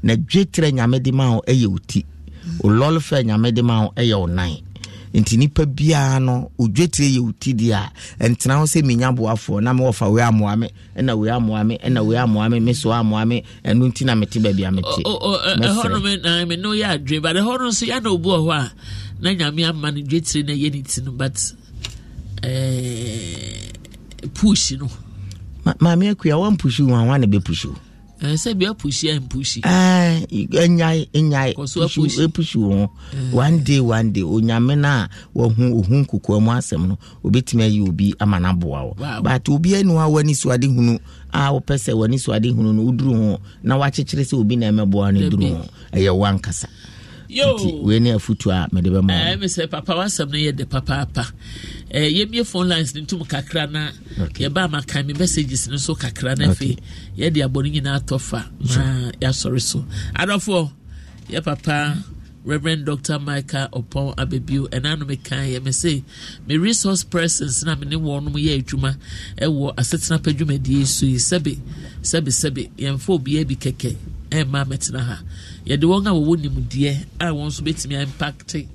na dwetrɛ nyame de ma wo ɛyɛ wo ti olɔlefɛ nyame de ma wo ɛyɛ wo nan nti nipa biara no odwetire yɛ oti deɛ a ntena ho sɛ menya boafoɔ na mewɔfa wei amoa me ɛna wei amoa me ɛna wei amoa me me so amoa me ɛno nti na mete baabi a mete ɛhɔnom me ne woyɛ adwe but ɛhɔ no nso yɛna obu wɔ hɔ a na nyame ama no dwetire no ɛyɛ ne ti no but Eh, push no maame akua wampushi wo anwa na bɛpushi sɛ bia a mpushi ɛnyae ɛnyae ɛpushi wo ho eh. one day one day onyame no a wahu ɔhu mu asɛm no obɛtumi ayi obi ama no aboa but obi nu w'ani so hunu a wopɛ sɛ w'ani so hunu no woduru ho na wakyekyere sɛ obi na no duru ɛyɛ ankasa nti wei eh, yɛmie phone lines no ntom kakra na okay. yɛba amakan me messages no nso kakra na afei okay. yɛde abɔ no nyinaa atɔ fa ma yɛasɔre so adɔfoɔ yɛ papa Reverend Dr. Michael Opon Abebio and Anomikan Yemese, me resource persons na mene wɔnom yɛ adwuma ɛwɔ e asetena pa dwumadie so yi sɛbe sɛbe sɛbe yɛmfa obiaa bi kɛkɛ ɛmma e mɛtena ha yɛde wɔn a wɔwɔ nimdeɛ a wɔn nso bɛtumi impacte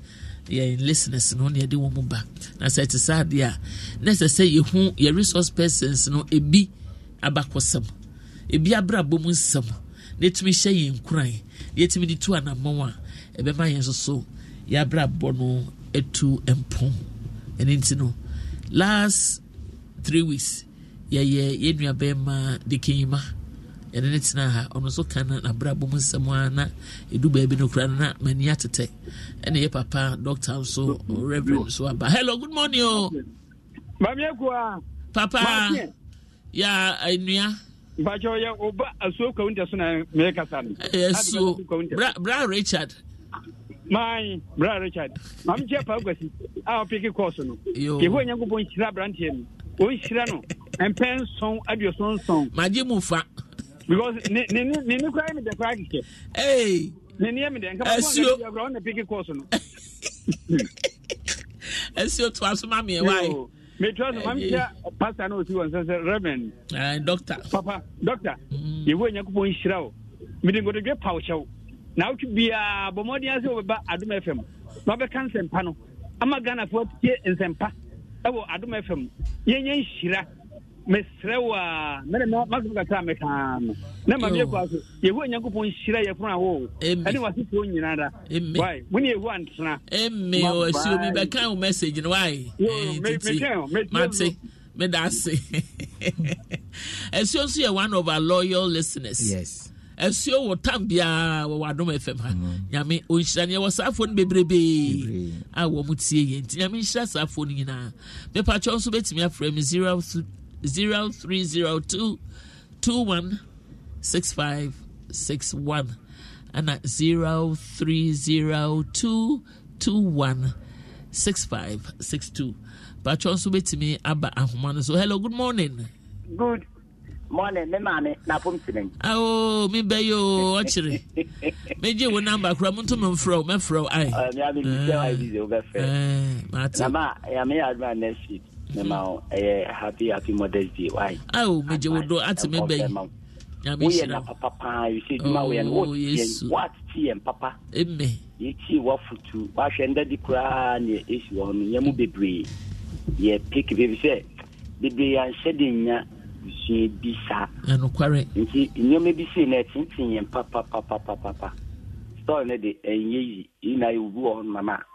yɛn listeners no ne yɛde wɔn mu ba na sɛ ɛte saa adeɛ a na ɛsɛ sɛ yɛhu yɛ resource persons no ebi abakɔsɛm ebi abrabɔ mu nsɛm na etumi hyɛ yɛn nkuran na yɛtumi de tu anammɔn a ɛbɛma yɛn soso yɛabrabɔ no etu mpɔn ɛne nti no last three weeks yɛyɛ yɛn nua bɛrima de kenyima ɛne ne tena ha ɔno nso ka na nabrabɔ mu nsɛm a na ɛdu baabi no kora no na m'ani atetɛ ɛne yɛ papa doctor nso reverend nso aba hello good morning o mameakoa papa ya anua mpakyɛ yɛ woba asuo kawunta so na merekasa no asuo richard Mai, bra Richard. Mam je pa gwasi. A opiki course no. Yehu Nyankopon hyira brantie no. O hyira no. Empenson aduoson son. Magye mu fa because ne ne ne ne kura mi dɛ kura kikɛ. ee ne ni yɛ mi dɛ nka ma fɔ nga kura ɔn na piki kɔɔsu no. ɛsi o tu asoma mi yɛ wa mi tura so maami tia pastor n'o si wɔn sɛnsɛn reverend. ɛɛ eh, doctor. papa doctor mm. yewu enyakubo bon nhyira o midi nkododwe paw kyɛw na awotwi biara bɔmɔden ase o bɛ ba adum fm na ɔbɛka nsɛmpa no ama ghana fo tie nsɛmpa ɛwɔ adum fm yɛnyɛ nhyira mesrɛ wo a mene masɛm kakra mekaa no na ma meɛ kɔa so yɛhowa nyankopɔn hyira yɛfono a woo ɛne wasefoɔ nyinaa da mone yɛhowa ntena ɛme ɔasuo bi bɛka wo message no waemate meda ase asuo nso yɛ one of our loyal listeners yes asuo wɔ tam biara wɔ wadom fm ha mm. nyame ɔnhyira no yɛwɔ saafoɔ no bebrebee a wɔ mu tie yɛ nti nyame nhyira saafoɔ no nyinaa mepatwɛ nso bɛtumi afrɛ me 02 0302 216561 ɛna 0302 216562 patwɔ nso bɛtumi aba ahoma no so hello good morning good morning me maame napom tene ao me bɛ yo ɔkyere megye wo namba kora monto me Nama wo mɛfrɛ wo ae mema ɛyɛ happy happy mothers day why ao megye wo dɔ ate me bɛyi woyɛ na papa paa ɛsɛ adwuma oh, woyɛ no wotiɛ woatete yɛn papa ɛmɛ yɛtie woafotu woahwɛ nda di koraa ne ɛsi wɔ no nyɛ mu bebree yɛ pik bebi sɛ bebree anhyɛ de nnya busua bi saa ɛnokware nti nneɛma bi sei na ɛtenten yɛn papapapapapa store no de ɛnyɛ yi yina yɛwubu wɔ hɔ no mama a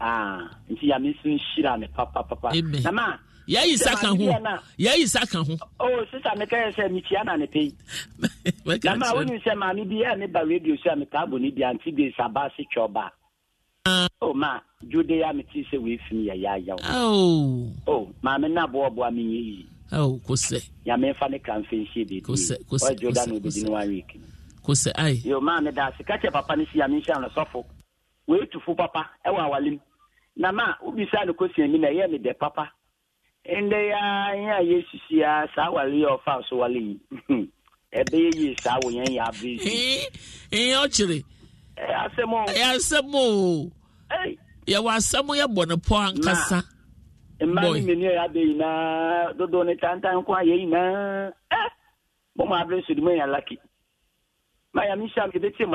Ah, nti ya mesu nhyira ne papapapa nama yɛyi sa ka ho yɛyi sa ka ho o oh, sisa mekɛyɛ sɛ mekyia na ne pɛi nama wonim sɛ maame bi ɛ meba radio so a metaa bɔ ne bia nti de saba se twɛ ɔba o oh, ma dwode oh. a mete sɛ weefim yɛ yaayaw o maame no aboaboa menyɛ yi o kosɛ nyamefa ne kra mfɛ nhyie de ɔdwoda no obɛdi no wa week kosɛ ai yo maa meda ase ka kyɛ papa no si ya menhyia no sɔfo weetufo papa ɛwɔ awalem na ma obisa no kosiani na ɛyɛ me dɛ papa ndɛ ya ihe a ya saa awale yɛ ɔfa so wale yi ɛbɛyɛ yie saa wɔ E yɛ abe yi. ihe ɔkyerɛ. asɛm o. asɛm o. yɛwɔ asɛm yɛ bɔ ne pɔ ankasa. mmaa e, ne mmienu yɛ abe nyinaa dodoɔ ne tantan kwan yɛ nyinaa ɛ e, bɔn mu abere so de mu yɛ laki hello good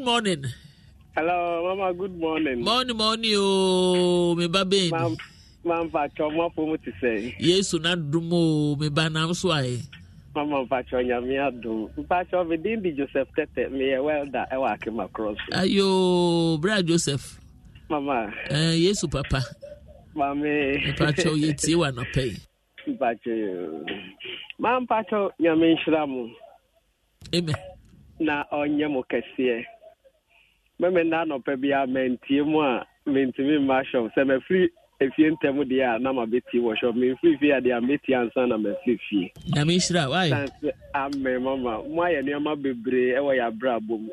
morning hello mama good morning morning morning o oh, me ba bɛn ni mamfa kyɛ mo afɔ mu te sɛ yesu na dom o oh, me ba nam so ayɛ eh. mama mpakyɛ nyame adom mpakyɛ medin de joseph tɛtɛ meyɛ welda e ɛwɔ akema cross ayo bra joseph mama. Uh, yesu papa. maame. mpatsɛ o yɛ tie wa nɔpɛ yi. mpatsɛ maa mpatsɛ nyame nhyira mu. amen. na ɔnyɛ mo kɛseɛ mɛmɛ nna nɔpɛ bi a mɛntie mu a mɛntumi mma shop sɛ mɛfiri efie ntɛm deɛ a na ma bɛtie wɔ shop mɛmfiri fie a deɛ a mɛtie ansa na mɛfiri fie. nyame nhyira wa yɛ. sanse amen mama mo ayɛ nneɛma bebree ɛwɔ yɛ abrabɔ mu.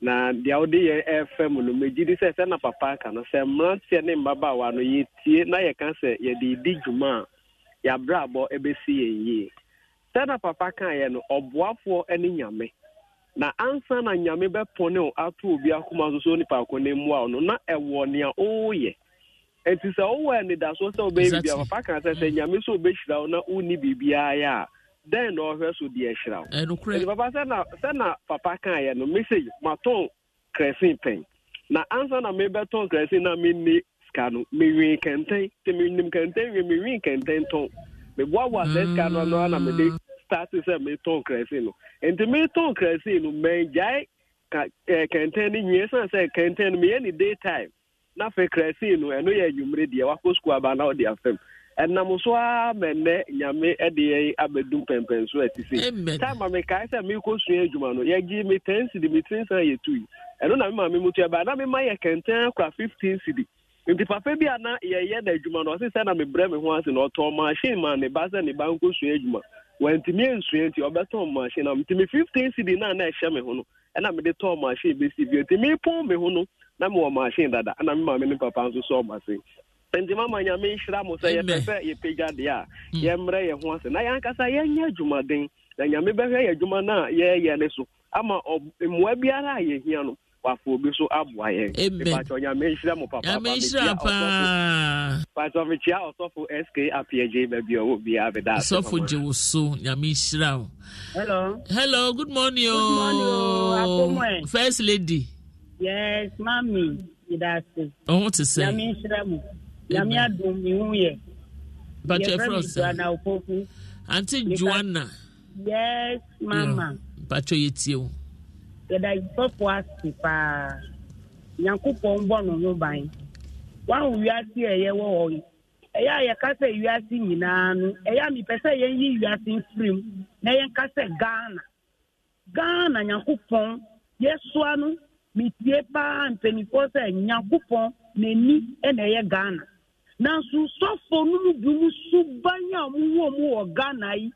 na deɛ wode ya ɛfɛ mu no megyedi sɛ sɛ na papa aka no sɛ mmeranteɛ ne mmabaawa no yɛtie na yɛka sɛ yɛde di dwuma a yɛabrɛbɔ ɛbɛsi e yɛn yie sɛ na papa kaeɛ no ɔboafoɔ ne nyame na ansa na nyame bɛpɔne wo ato obi akoma nipa ne mmoa no na ɛwɔ nea woyɛ nti sɛ wowɔ anidasoɔ sɛ wobɛyɛ biribia papa ka sɛ sɛ nyame sɛ wobɛhyira na wonni yɛ dɛn na ɔhwɛ so deɛ ɛhyira wo ɛti papa sɛna sɛna papa kan kaeɛ no message ma matɔn krɛsin pɛn na ansa na mebɛtɔn krɛsin na ni sika no mewen kɛntɛn nti menim kɛntɛn wie mewen kɛntɛn tɔn meboaboa sɛ sika no ano na de start sɛ metɔn krɛsin no nti metɔn krɛsin no mangyae kɛntɛn ni nyia ɛsiane sɛ kɛntɛn no meyɛ ne day time na afei krɛsin no ɛno yɛ anwummere deɛ wakɔ sukuu aba na wode afam ɛnam so a mɛnɛ nyame ɛde yɛ abɛdum pɛmpɛn so ɛte se time a mekae sɛ mekɔ sua adwuma no yɛgye me ten cedi me tiri san yɛ tui ɛno na mema me mu tua na mema yɛ kɛntɛn kora fifteen cedi nti papa bi a na yɛyɛ no adwuma no ɔse sɛ na mebrɛ me ho ase na ɔtɔn machine ma ne ba sɛ ne ba nkɔ sua adwuma wantumi ansua nti ɔbɛtɔn machine na nti me fifteen cedi na na ɛhyɛ me ho no ɛna mede tɔn machine bɛsi bio nti mepɔn me ho no na mewɔ machine dada ɛna mema me ne papa nso sɛ ɔma se nti mama nyame nhyira mo sɛ yɛpɛ sɛ yɛpagya deɛ a hmm. yɛmmerɛ yɛ ho ase na yɛankasa yɛnyɛ adwumaden na nyame bɛhwɛ yɛ adwuma no a yɛyɛ ne so ama mmoa biara a yɛhia no wafo obi so aboa yɛn mpakyɛ nyame nhyira mo papapakyɛ mekyia ɔsɔfo sk apiagye baabi a ɔwɔ biaa bɛda sɔfo gye wo so nyame nhyira wo hello hello good morning o oh. oh. first lady yes mami yidase ɔho te sɛ nyame nhyira mo nyame adom mehu yɛ yɛfrɛ ante uh, joana yes mama mpatwɛ yɛtie wo yɛda sɔfo ase paa nyankopɔn bɔ no ho ban woaho wiase a ɛyɛwɔ hɔ yi ɛyɛ a yɛka sɛ wiase nyinaa no ɛyɛ a mepɛ sɛ yɛnyi wiase mfirim na yɛnka sɛ ghana ghana nyankopɔn yɛsoa no metie paa sɛ nyankopɔn n'ani na ɛyɛ ghana nanso sɔfo no mu bi mu suban a mowɔ mu wɔ ghana yi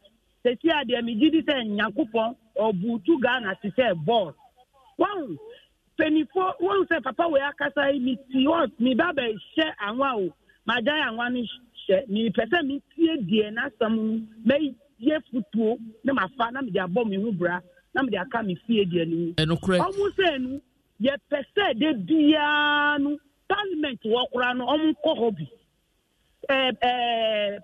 sɛsi a deɛ megye di sɛ nyankopɔn ɔbuutu ghana te sɛ bɔɔl wɔn mpanyinfoɔ wɔn sɛ papa wɔ akasa yi mi ti hɔ mi ba bɛ hyɛ anwa o ma gya anwa no hyɛ mi pɛ sɛ mi tie deɛ n'asɛm mɛ yɛ futuo ne ma fa na mi de abɔ mi ho bra na mi de aka mi fie deɛ no mu ɛnukurɛ ɔmo sɛ no yɛ pɛ sɛ de biara nu parliament wɔ kora no ɔmo nkɔ hɔ bi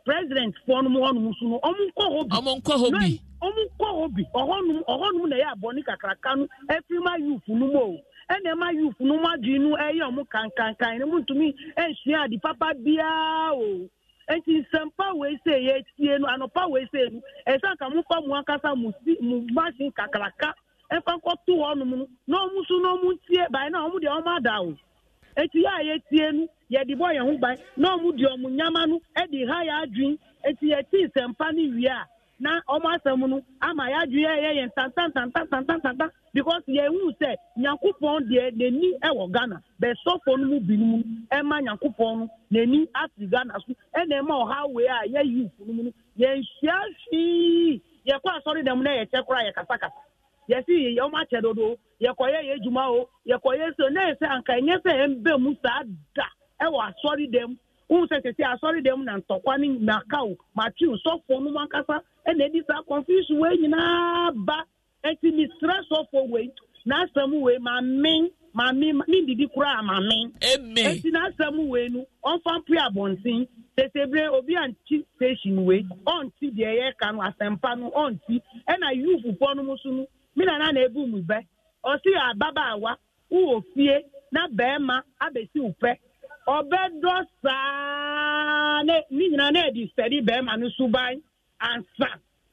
president fɔ no mu ɔnum so no ɔmu nkɔ hɔ bi ɔmu nkɔ hɔ bi ɔmu nkɔ hɔ bi ɔhɔnum ɔhɔnum na ɛyɛ abɔni kakraka no ɛfiri ma youth no mu o ɛna ɛma youth no mu adwi no ɛyɛ ɔmu kankankan ne mu ntumi ɛnsua adi papa biara o eti nsɛmpa wee se yɛ etie no anɔpa wee se no ɛsan ka mu fa mu ankasa mu si mu machine kakraka ɛfa nkɔ to hɔnom no na ɔmu so na ɔmu tie baa na ɔmu deɛ ɔmu ada o eti yɛ a yɛ tie no yɛde bɔ yɛn ho ban na ɔmo de ɔmo nyama no ɛde ha yɛ adwin eti yɛti nsɛmpa no wie na ɔmo asɛm no ama yɛ adwin yɛ yɛ yɛn tantantantantantantantan because yɛhu sɛ nyankopɔn deɛ n'ani ɛwɔ ghana bɛsɔfo no mu binom ɛma nyankopɔn no n'ani ati ghana so ɛna ɛma ɔha wei a yɛ yi funu mu no yɛn hyia hwii yɛkɔ asɔre dɛm na yɛkyɛ koraa yɛ kasakasa yɛsi ɔmo akyɛ dodo yɛkɔyɛ yɛ adwuma o yɛkɔyɛ so na yɛ sɛ anka ɛnyɛ sɛ ɛmbɛ mu saa da. ɛwɔ asɔre dɛm wohu sɛ sɛsɛ asɔre dɛm na ntɔkwa ne nakaw matwew sɔfoɔ no mu ankasa ɛna ɛdi saa confusion wei nyinaa ba ɛti mesrɛ sɔfoɔ wei n'asɛm wei maame maame ne didi koraa maame ɛti n'asɛm wei no ɔmfa mpe abɔnten sesebere obi anti station wei ɔnti deɛ ɛyɛ ka no asɛmpa no ɔnti ɛna yuufufoɔ no mu so no mi nana na ebu mu bɛ ɔsi ababaawa wowɔ fie na bɛrima abesi wo pɛ ɔbɛdɔ saa ne ne nyinaa na ɛde sɛde bɛrima no suban ansa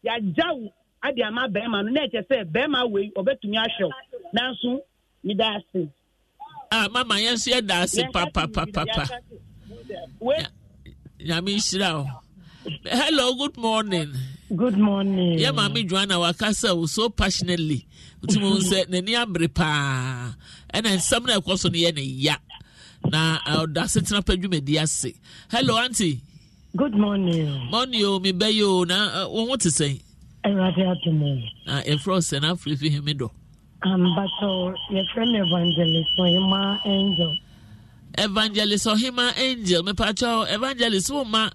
yagya wo ade ama bɛrima no na ɛkyɛ sɛ bɛrima wei ɔbɛtumi ahwɛw nanso meda ase a mama yɛn nso yɛda ase papapapa nyame nhyira wo hello good morning good morning yɛ maame joanna wakasa wo so passionately wotum sɛ n'ani abere paa ɛna nsɛm no ɛkɔ so no yɛ ne ya na eh, ɔda asetena pa dwumadi ase hello aunty good morning morning o oh, me bɛyɛ o na eh, wɔn ho te sɛn awurade ato mu na yɛfrɛ wo sɛ na afirifi hemi dɔ ambatɔ oh, yɛfrɛ no evangelist ɔhema angel evangelist ɔhema angel mepakyɛw evangelist wo ma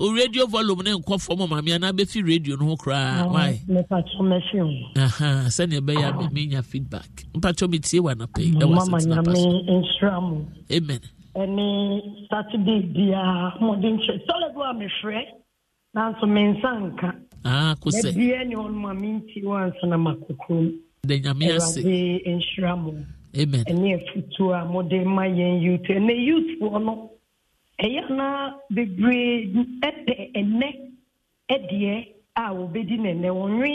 o radio volume ne nkɔ fam maame anaa bɛfi radio no ho koraa wae sɛneɛ ɛbɛyɛ a menya feedback mepakyɛw metie w anapɛ ɛwɔ amen ɛne saturday biaa hoɔden kyerɛ sɔlɛbo a mefrɛ nanso mensa nka ah, kosɛ biaa ne ɔnoma mentie wo ansa na makokrom de nyame ase nhyira mo ɛne afutuo a mode ma yɛn youth ɛnɛ youthfoɔ no ɛyɛ naa bebree ɛpɛ ɛnɛ ɛdeɛ a wɔbɛdi nɛnɛ wɔnwe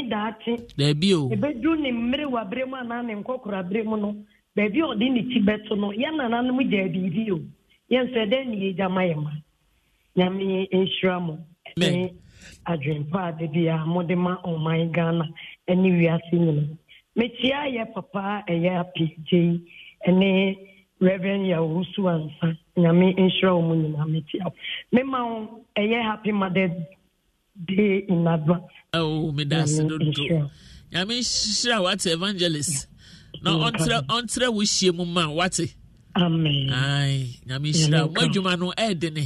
o. ɛbɛduru ne mmere wabere mu anaa ne nkɔkorabere mu no baabi a ɔde ne ti bɛto no yɛn nananom gyaa biribi o yɛn sɛ dɛn ne yɛgya ma yɛ ma nyame nhyira mo ne adwene pa a da bi a mode ma ɔman ghana ne wiase nyinaa mekyia yɛ papa ɛyɛ apegye ne reverend yahu suwansa nyame nhyira wɔn nyinaa mekyia mema wo ɛyɛ happy mother day in advance. ɛwɔ oh, meda ase dodo nyame nhyira wate evangelist na ɔntrɛ ɔntrɛ wo hyia mu ma wate. amen. ayi nyame nhyira mo adwuma no ɛɛdini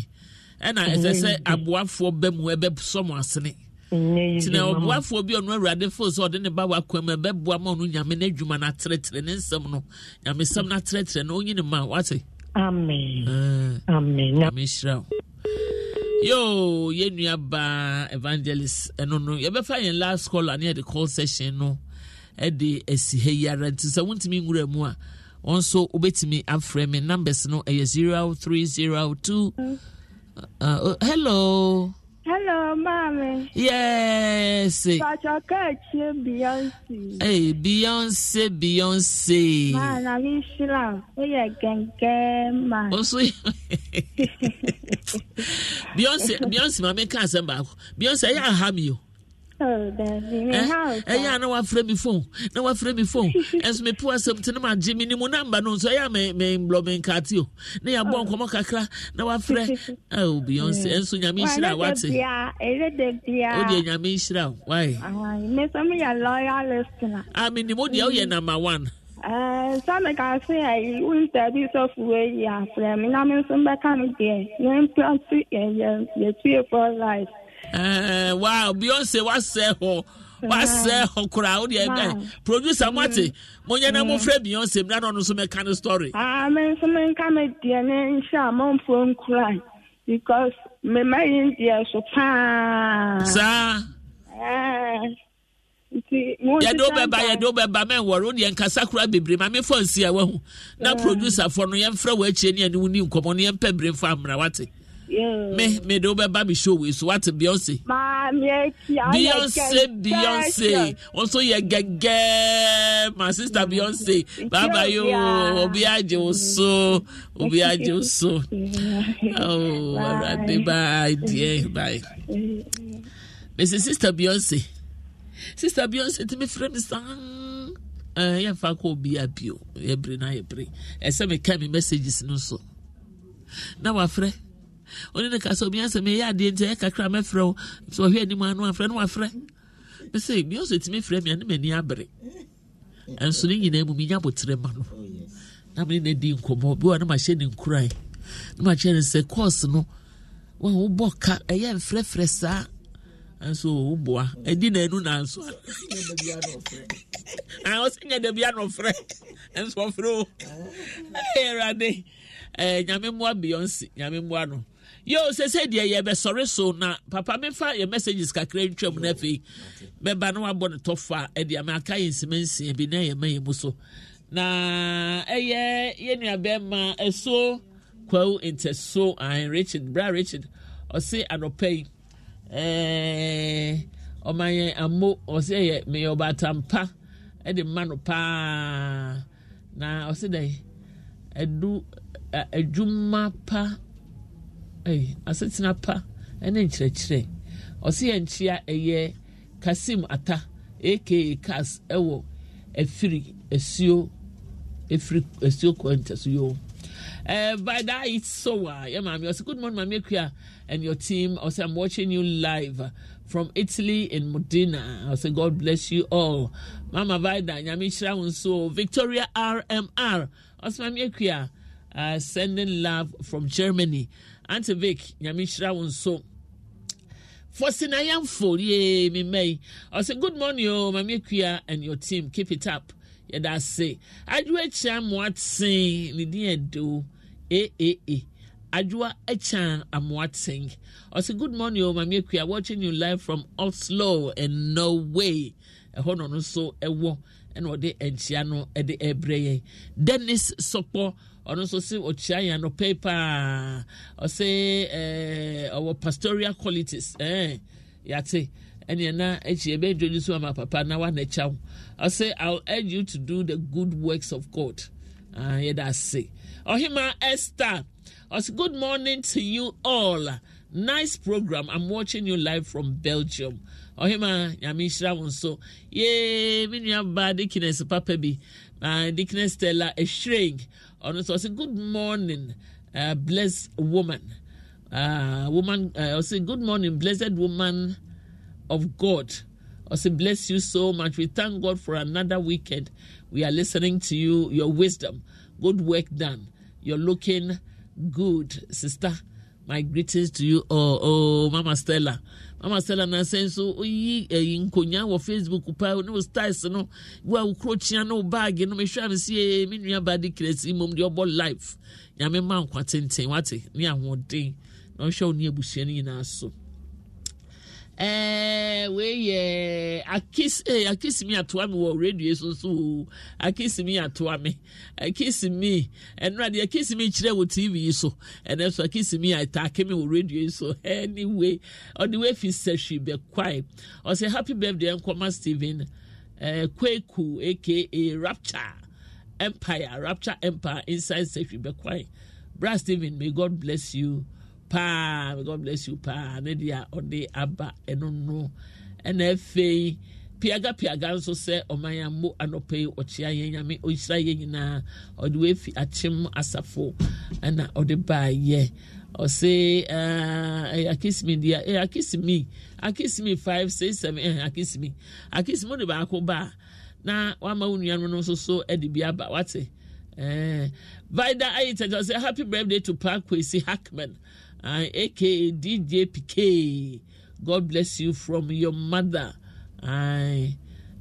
ɛna ɛsɛ sɛ aboafoɔ bɛ mu ɛbɛ sɔmo asene ntina ɔboafoɔ bi ɔno awurade fo sɛ ɔde ne ba wakɔ mu ɛbɛboa ma ɔno nyame no adwuma no atrɛtrɛ ne nsɛm no nyamesɛm no atrɛtrɛ na ɔnyi ne ma wate amen hyira ah. wo yo yɛn nua baa evangelist ɛno no yɛbɛfa yɛn last call ane yɛde call session no ɛde asi ha yi ara nti sɛ wontumi nwura mu a wɔn nso wobɛtumi afrɛ me numbers no ɛyɛ 0302 uh, uh, hello Hello, mommy. Yes. Pàṣọ kẹ́ẹ̀kì Beyonce. Hey, Beyonce, Beyonce. Máa nà mí sílà, ó yẹ gẹ́gẹ́ máa. Ó sún yẹ. Beyonce, Beyonce, màmí ká àṣẹ báko. Beyonce, ẹ yà á há mi o ɛyɛ a na wafrɛ me phone na wafrɛ me phone ɛnso mepo asɛm te ne magye me nimu namba no nso ɛyɛ a memblɔ menkate o na yɛabɔ nkɔmmɔ kakra na wafrɛ o beyonce ɛnso nyame nhyira a wate wodeɛ nyame nhyira o wae a menim wodeɛ woyɛ mm. number one sọ mi ka se ayi wíńtẹ bí sọfúnwé yìí àfẹmí náà mi sún bẹ́ẹ̀ ká mi jẹ yẹn pẹ́ẹ́sì yẹn yẹn yẹn tún láìsí. Eh, wa beyonce wasɛ hɔ wasɛ hɔ koraa o deɛ be producer mo ate mo nyɛ na mo mm. fɛ beyonce mi na ɔno nso mɛka ne story. aa ah, mi nso mi nka mi deɛ ne nhyɛ amanfoɔ nkura because me my yi deɛ so pa. Sa. yɛde wo bɛba yɛde wo bɛba mɛnwɔre wo deɛ nkasa kora bebree ma mefa nsi a wahu na producerfoɔ no yɛmfrɛ wɔ akyire ne ɛne wo ni nkɔmmɔ no yɛmpɛ bere mfa mmara wate me me de wobɛba me show wei so wate beyonce beyonce beyonce ɔso yɛ gɛgɛ my sister beyonce baba yo oh, obi agye wo so mm-hmm. obi agye wo so oh awurade bye deɛ bye mesi sister beyonce sister beyonce tumi frɛ me san eh, yɛmfa kɔ obia bio yɛbere na yɛbere ɛsɛ meka me messages no so na wafrɛ onye ne kasa obi asɛm ya adeɛ nti ɛyɛ kakra mɛfrɛ wo ɔhwɛ anim ano afrɛ no wafrɛ me sɛ bia ɔsɛ tumi frɛ a abere ɛnso ne nyinaa mu menya botere ma no oh, na na di nkɔmmɔ bi a ne mahyɛ ne nkurae ne makyerɛ no sɛ no wa ka ɛyɛ mfrɛfrɛ saa nso woboa n'anu na nso a ɔsɛ nyɛ da bia na ɔfrɛ ɔfrɛ yo sɛ sɛ deɛ yɛbɛsɔre so na papa mefa yɛ messages kakra ntwam no afei bɛba no wabɔ ne tɔfa ɛde e ama aka yɛ nsima nsia bi na yɛma yɛ mu so na ɛyɛ e yɛ nuabɛrima ɛso kwawu so ahen richard bra richard ɔse anɔpa yi ɛɛ ɔman yɛn amo ɔse yɛ meyɛ ɔbaatampa ɛde e mma no paa na ɔse dɛ ɛdu adwuma pa asetena pa ne nkyerɛkyerɛ ɔsɛ yɛnkyia ɛyɛ kasim ata aka cas ɛwɔ afiri asuo afiri asuo contest yo eh, by that it's so wa. Uh, yeah mommy also good morning mommy Kuya, and your team also i'm watching you live uh, from italy in modena i say god bless you all mama vida uh, nyamishra so victoria rmr also mommy Kuya, sending love from germany ante vic nyame nhyira wo nso Fosinayamfo, yeah, me may. I say, Good morning, oh, Kuya, and your team. Keep it up. Yeah, that's it. Adwa Cham Watson, Nidia do. Eh, eh, eh. Adwa Echan, I'm watching. I say, Good morning, oh, Kuya, Watching you live from Oslo and Norway. A hold on, so a war. And what they and Chiano at the Ebre. Dennis Sopo ɔno nso see ɔkyia yɛn no pɛ paa say ɔwɔ pastoral qualities eh, yɛate ɛneɛ na akyi yɛbɛdwoni so ama papa na woana I say I'll urge you to do the good works of god uh, yɛda ase hima esther ɔsɛ good morning to you all nice program i'm watching you live from belgium ɔhema nyame nhyira wo nso yee me nua baa dikines papa bi na ah, dikines stella ɛhwirenk ɔno nso ɔsi good morning uh, blessed woman uh, woman uh, ɔsi good morning blessed woman of God ɔsi bless you so much we thank God for another weekend we are listening to you your wisdom good work done you're looking good sister my greetings to you oh oh Mama Stella. mama stella nansɛn nso oyi ɛyi eh, nkonya wɔ facebook pa ne wo styles no wo a kyea ne wo baage no mehwɛ a me sie eh, me nua baade krasi mmom deɛ ɔbɔ life nyame ma nkwa tenten wate ne ahoɔden na ɔhwɛ wo ne abusua no nyinaa so Eh, wei yɛ akesi eh, mi atoa mi wɔ radio so so akesi mi atoa mi akesi mi ɛnura deɛ akesi mi kyerɛ wɔ tv yi so ɛnna so akesi mi ataake mi wɔ radio yi so anyway ɔde wei fi sɛhwi bɛ kwae ɔsɛ happy birthday nkɔma steven ɛɛ eh, kweku aka rapture empire rapture empire inside sɛhwi bɛ kwae bra steven may god bless you. paa god bless you paa ne deɛ a ɔde aba ɛno no ɛna afei piaga piaga nso sɛ ɔman ammo anɔpɛ yi ɔkyea yɛn nyame ɔhyira yɛn nyinaa ɔde wɔafi akyem asafo ɛna ɔde baa yɛ ɔse ɛyɛ akisimi deɛ ɛyɛ akisimi akisimi five six seven ɛyɛ akisimi akisimi de baako baa na wama wo nuanom no nso so ɛde bi aba wate ɛɛ vida ayi tɛtɛ ɔsɛ happy birthday to park kwesi hackman uh, aka DJ PK. God bless you from your mother and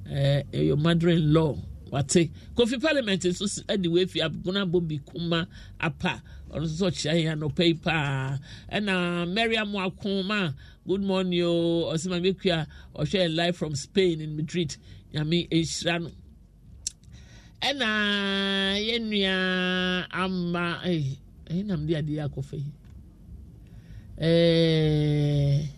uh, eh, your mother-in-law. Wate Coffee Parliament So anyway, if you have gonna Bobi Kuma apa or such, ɔkyerɛ yɛn anɔpɛ yi paa ɛna Mary Amuakoma good morning o oh, ɔsima mekua share live from Spain in Madrid Yami ehyira no ɛna uh, yɛn nua ama ɛyɛ ɛyɛ nam de 哎。